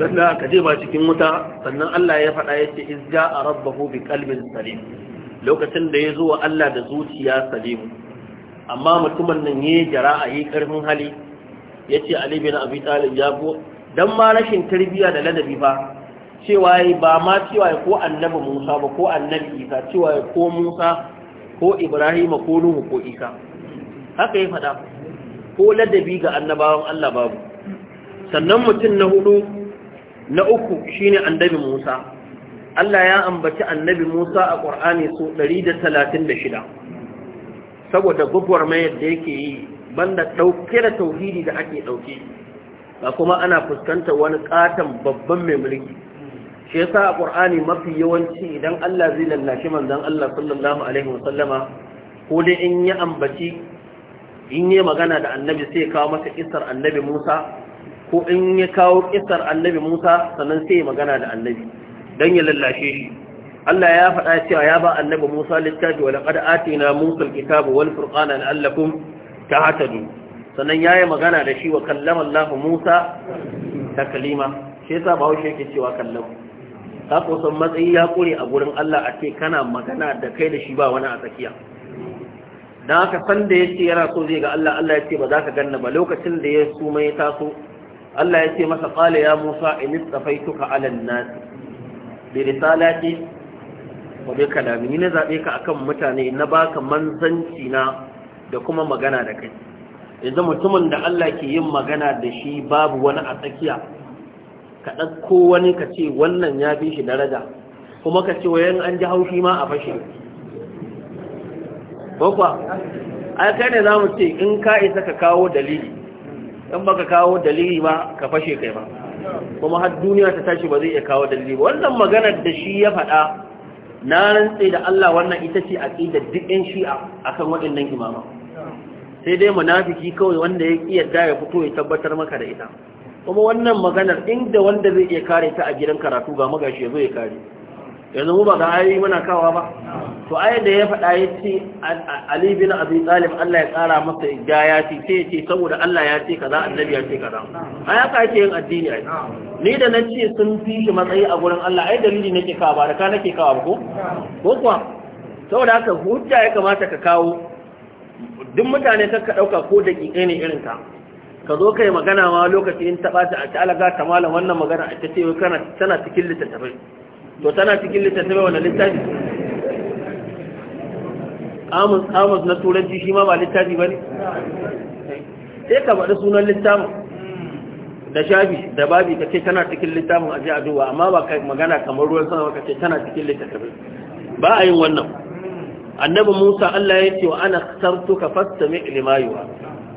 sannan ka je ba cikin wuta sannan Allah ya faɗa ya ce izja a rabbahu bi kalbin salim lokacin da ya zo wa Allah da zuciya Salim. amma mutumin nan ya jara a yi karfin hali ya ce Ali bin Abi Talib ya go dan ma rashin tarbiyya da ladabi ba cewa ba ma cewa ko annabi Musa ba ko annabi Isa cewa ko Musa ko Ibrahim ko Nuhu ko Isa haka ya faɗa ko ladabi ga annabawan Allah babu sannan mutum na hudu na uku shine annabi Musa Allah ya ambaci annabi Musa a Qur'ani su 136 saboda mai yadda yake yi banda dauke da tauhidi da ake dauke ba kuma ana fuskanta wani katon babban mai mulki shi yasa a Qur'ani mafi yawanci idan Allah zai lallashi manzon Allah sallallahu alaihi wasallama ko dai in ya ambaci in yi magana da annabi sai ya kawo masa kisar annabi Musa ko in ya kawo kisar annabi Musa sannan sai ya magana da annabi don ya lallashe shi Allah ya faɗa cewa ya ba annabi Musa littafi wa laqad atina Musa al-kitaba wal furqana ta tahtadun sannan yayi magana da shi wa kallama Allah Musa Kalima. shi yasa bawo shi yake cewa kallama ka kusan matsayi ya ƙure a gurin Allah a ce kana magana da kai da shi ba wani a tsakiya don haka san da ya ce yana so zai ga Allah Allah ya ce ba za ka ganna ba lokacin da ya suma ya taso Allah ya ce masa qala ya Musa in istafaituka ala an bi risalati wa bi kalami ni na zabe ka akan mutane na baka manzanci na da kuma magana da kai yanzu mutumin da Allah ke yin magana da shi babu wani a tsakiya ka ɗauko wani ka ce wannan ya fi shi daraja kuma ka ce wayan an ji haushi ma a fashe ko ai kai ne mu ce in ka isa ka kawo dalili in ba ka kawo dalili ba ka fashe kai ba kuma har duniya ta tashi ba zai iya kawo dalili ba wannan maganar da shi ya faɗa na rantse da Allah wannan ita ce a aqidar duk shi shi'a akan waɗannan imama sai dai munafiki kawai wanda ya yadda ya fito ya tabbatar maka da ita kuma wannan maganar inda wanda zai iya kare ta a gidan karatu ga magashi ya zo ya kare yanzu mu ba ga ayoyi muna kawa ba to ayin da ya faɗa ya ce Ali bin Abi Talib Allah ya ƙara masa ga ya ce sai ya ce saboda Allah ya ce kaza annabi ya ce kaza a ya ka yin addini ai ni da na ce sun fi shi matsayi a gurin Allah ai dalili nake kawo ba da ka nake kawo ko ko kuwa saboda haka hujja ya kamata ka kawo duk mutane ka ɗauka ko da ƙiƙe ne irin ka ka zo kai magana ma lokaci in taɓa ta a ta alaga ta malam wannan magana a ta ce kana tana cikin littattafai to tana cikin littattafai wannan littafi kamus kamus na turanci shi ma ba littafi ba ne sai ka faɗi sunan littafin da shafi da babi ka ce tana cikin littafin a a duba amma ba ka magana kamar ruwan sama ka ce tana cikin littafi ba a yin wannan annabi musa allah ya ce wa ana ka fasta mai ilimayuwa.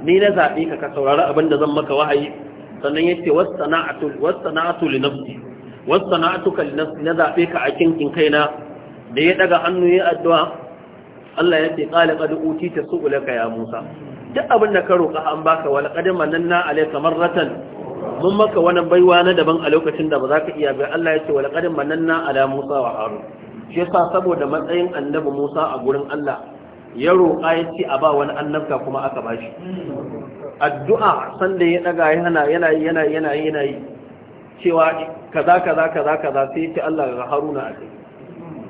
ni na zaɓe ka ka saurari abin da zan maka wahayi sannan ya ce wasana'atu li nafsi wasana'atuka li nafsi na zaɓe ka a kinkin kaina da ya ɗaga hannu ya addu'a Allah ya ce qala qad utita su'ulaka ya Musa duk abin da ka roƙa an baka wal qad mananna alayka marratan mun maka wannan baiwa na daban a lokacin da ba za ka iya bai Allah ya ce wal qad mananna ala Musa wa Harun shi yasa saboda matsayin annabi Musa a gurin Allah ya roƙa ya ce a ba wani annabta kuma aka bashi. addu'a sanda ya daga yana yana yana yana yana cewa kaza kaza kaza kaza sai ya ce Allah ga Haruna a kai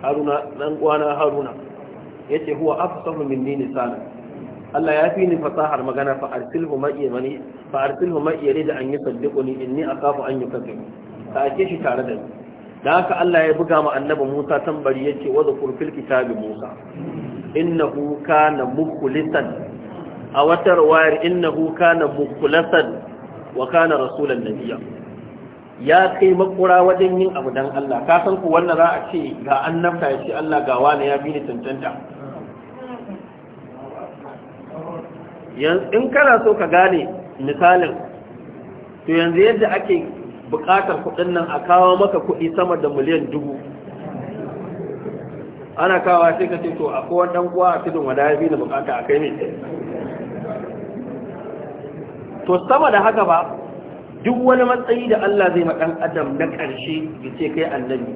Haruna dan uwana Haruna yace huwa afsahu minni lisan Allah ya fi ni fasahar magana fa arsilhu ma yamani fa arsilhu ma yarid an yusaddiquni inni akhafu an yukazzibu ta ake shi tare da ni da haka Allah ya buga mu annabi Musa tambari yace wa zakur fil kitabi Musa innahu kana mukhlisan a wata riwayar innahu kana mukhlasan wa kana rasulan nabiyya ya kai makura wajen yin abu dan Allah ka san ku wannan za a ce ga annabta ya ce Allah ga wani ya bi ni tantanta in kana so ka gane misalin to yanzu yadda ake buƙatar kuɗin nan a kawo maka kuɗi sama da miliyan dubu ana kawo sai ka ce to a kowane ɗan kuwa a cikin wada ya fi da buƙata a kai ne to sama da haka ba duk wani matsayi da Allah zai maɗan adam na ƙarshe ya ce kai annabi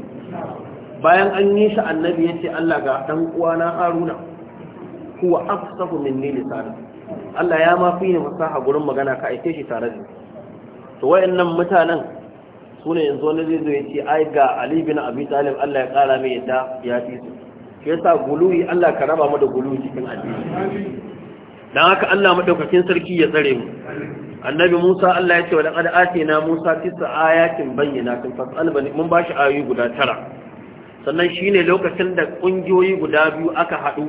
bayan an yi shi annabi ya ce Allah ga ɗan na haruna kuwa afsahu minni lisana Allah ya ma fi ne fasaha gurin magana ka aike shi tare da to wayannan mutanen su ne yanzu wani zai zo ya ce ai ga Ali bin Abi Talib Allah ya kara mai yadda ya fi su shi yasa yi Allah ka raba mu da Gulu cikin addini dan haka Allah madaukakin sarki ya tsare mu annabi Musa Allah ya ce wa laqad atina Musa tisa ayatin bayyinatin fasal bani mun bashi ayoyi guda tara sannan shine lokacin da kungiyoyi guda biyu aka haɗu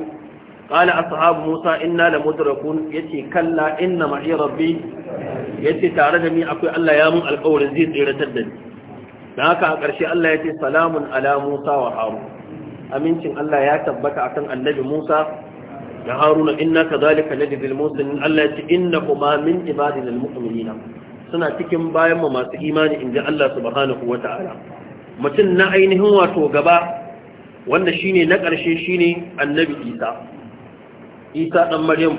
قال أصحاب موسى إنا لمدركون يتي كلا إن معي ربي يتي تعرضني أقول الله يا من القول الزيد إلى تدني لذلك أقرشي الله يتي سلام على موسى وهارون أمنتم الله يا تبك أكن النبي موسى يا هارون إنا كذلك نجد المسلمين الله يتي إنكما من عبادنا المؤمنين سنة تكن بايا ما إيمان إن جاء الله سبحانه وتعالى متن عينه وتوقبا وأن شيني نقرشي شيني النبي إيسا isa ɗan maryam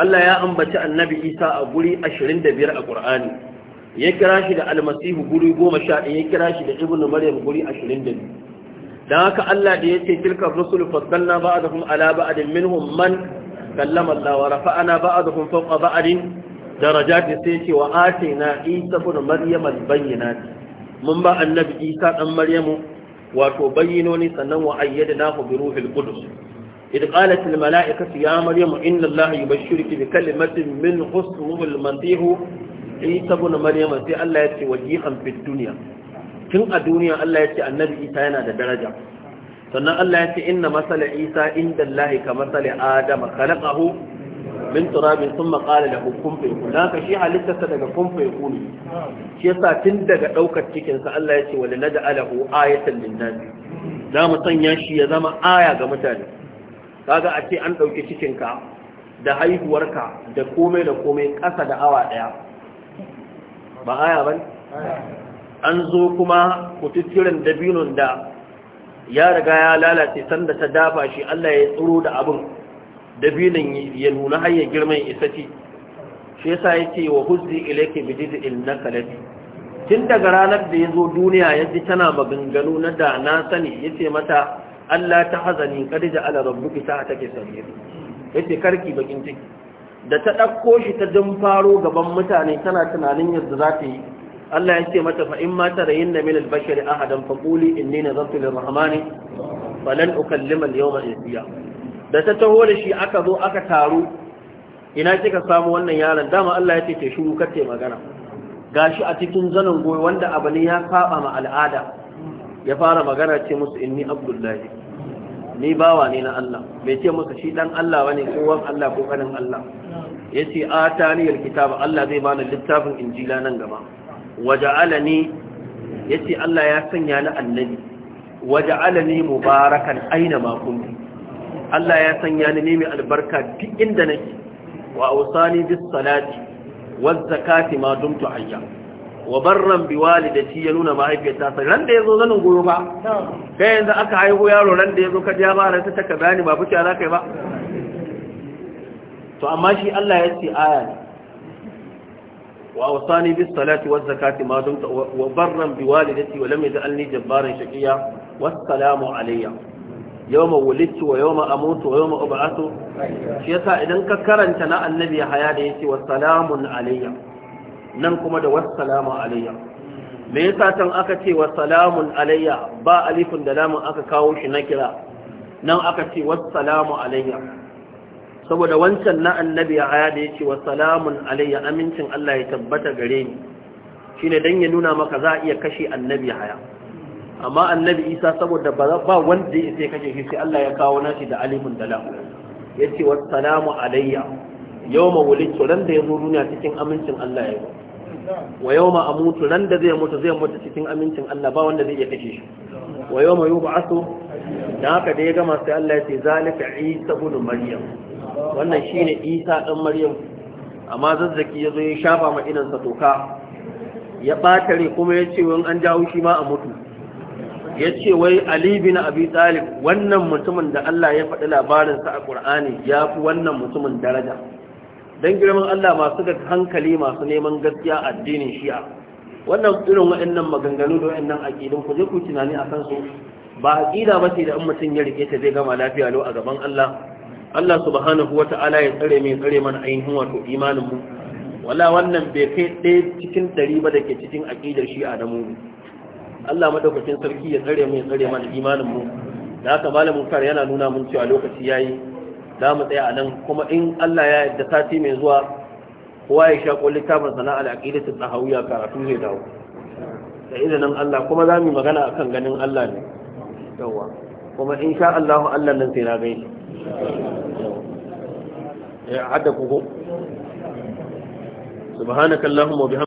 Allah ya ambaci annabi isa a guri 25 a ƙur'ani ya kira shi da almasihu guri 11 ya kira shi da Ibn maryam guri 22 dan haka Allah da ya yace tilka rusul faddalna ba'dahum ala ba'din minhum man kallama Allah wa rafa'ana ba'dahum fawqa ba'din darajat sai ce wa na isa ibn maryam albayyinat mun ba annabi isa ɗan maryamu wato bayyinoni sannan wa ayyada na ayyadnahu bi ruhil qudus إذ قالت الملائكة يا مريم إن الله يبشرك بكلمة من خصمه المسيح عيسى بن مريم سي الله يتي وجيها في الدنيا كن الدنيا الله يتي النبي عيسى ينا درجة سنة الله يتي إن مثل عيسى عند الله كمثل آدم خلقه من تراب ثم قال له كن فيكون ذاك شيء حلتا daga kun fayakun shi yasa tun daga daukar cikin sa Allah yace wala naj'alahu ayatan lin-nas za mu sanya shi ya zama aya ga mutane kaga a ce an ɗauki cikinka da haihuwarka da komai da komai ƙasa da awa ɗaya ba aya ba an zo kuma kututturen dabinun da ya riga ya lalace sanda ta dafa shi Allah ya tsoro da abin dabinin ya nuna hanyar girman isaci shi yasa yake wa huzzi ilayki bi na nakalati tun daga ranar da ya zo duniya ya ji tana maganganu na da na sani ya ce mata Allah ta hazani kada ja'ala rabbuki ta take sarri yace karki bakin ciki da ta ɗauko shi ta dun faro gaban mutane tana tunanin yadda za ta yi Allah ya ce mata fa in ma tarayin na minal bashari ahadan fa quli inni nazartu lirrahmani falan ukallima al-yawma insiya da ta taho da shi aka zo aka taru ina kika samu wannan yaron dama Allah ya ce ta shiru kar ta magana gashi a cikin zanin goyi wanda abu ne ya saba ma al'ada ya fara magana ce musu inni abdullahi ni bawa ne na Allah bai ce masa shi dan Allah bane ko wan Allah ko kanin Allah yace atani alkitaba Allah zai bani littafin injila nan gaba waja'alani yace Allah ya sanya ni annabi waja'alani mubarakan aina ma kunti Allah ya sanya ni ne mai albarka duk inda nake wa awsani bis salati waz zakati ma dumtu ayya wa barran bi walidati ya nuna mahaifiyarta sai ran da yazo zanin goyo ba kai yanzu aka haihu yaro ran da yazo ka ja ba ran ta taka bayani ba fice za kai ba to amma shi Allah ya ce aya wa awsani bis salati waz zakati ma dumta wa barran bi walidati wa lam yaj'alni jabbaran shaqiya wassalamu alayya yawma wulidtu wa yawma amutu wa yawma ub'athu shi yasa idan ka karanta na annabi ya haya da yace wassalamun alayya nan kuma da wassalamu alayya me yasa tan aka ce wassalamun alayya ba alifin da lamun aka kawo shi na kira nan aka ce wassalamu alayya saboda wancan na annabi ya haya da yace wassalamun alayya amincin Allah ya tabbata gare ni shine dan ya nuna maka za a iya kashe annabi haya amma annabi Isa saboda ba wanda ya sai kashe shi sai Allah ya kawo nashi da alifin da lamun yace wassalamu alayya yau ma ran da ya duniya cikin amincin Allah ya yi wa yau ma amutu ran da zai mutu zai mutu cikin amincin Allah ba wanda zai iya kashe shi wa yau ma yubu aso da haka da ya gama sai Allah ya ce zalika isa ibn maryam wannan shine isa dan maryam amma zazzaki ya zo ya shafa ma idan sa toka ya batare kuma ya ce wani an jawo shi ma a mutu ya ce wai ali bin abi talib wannan mutumin da Allah ya faɗi labarinsa a Qur'ani ya fi wannan mutumin daraja don girman Allah masu ga hankali masu neman gaskiya addinin shi'a wannan irin waɗannan maganganu da waɗannan aƙidun ku je ku tunani a kansu ba aƙida ba ce da in mutum ya rike ta zai gama lafiya lau a gaban Allah Allah subhanahu wa ta'ala ya tsare mai tsare mana ainihin wato imanin mu wala wannan bai kai ɗaya cikin ɗari ba da ke cikin aƙidar shi'a da mu Allah madaukakin sarki ya tsare mai tsare mana imanin mu da haka malamin kar yana nuna mun cewa lokaci yayi za mu tsaya a nan kuma in Allah ya yadda sati mai zuwa kowa ya sha kwalli tafin sana'ar ta tahawiyya karatu zai dawo da izinin Allah kuma za mu yi magana akan ganin Allah ne yawa kuma in sha Allah Allah nan sai na gai ya eh, hada ku subhanakallahumma wa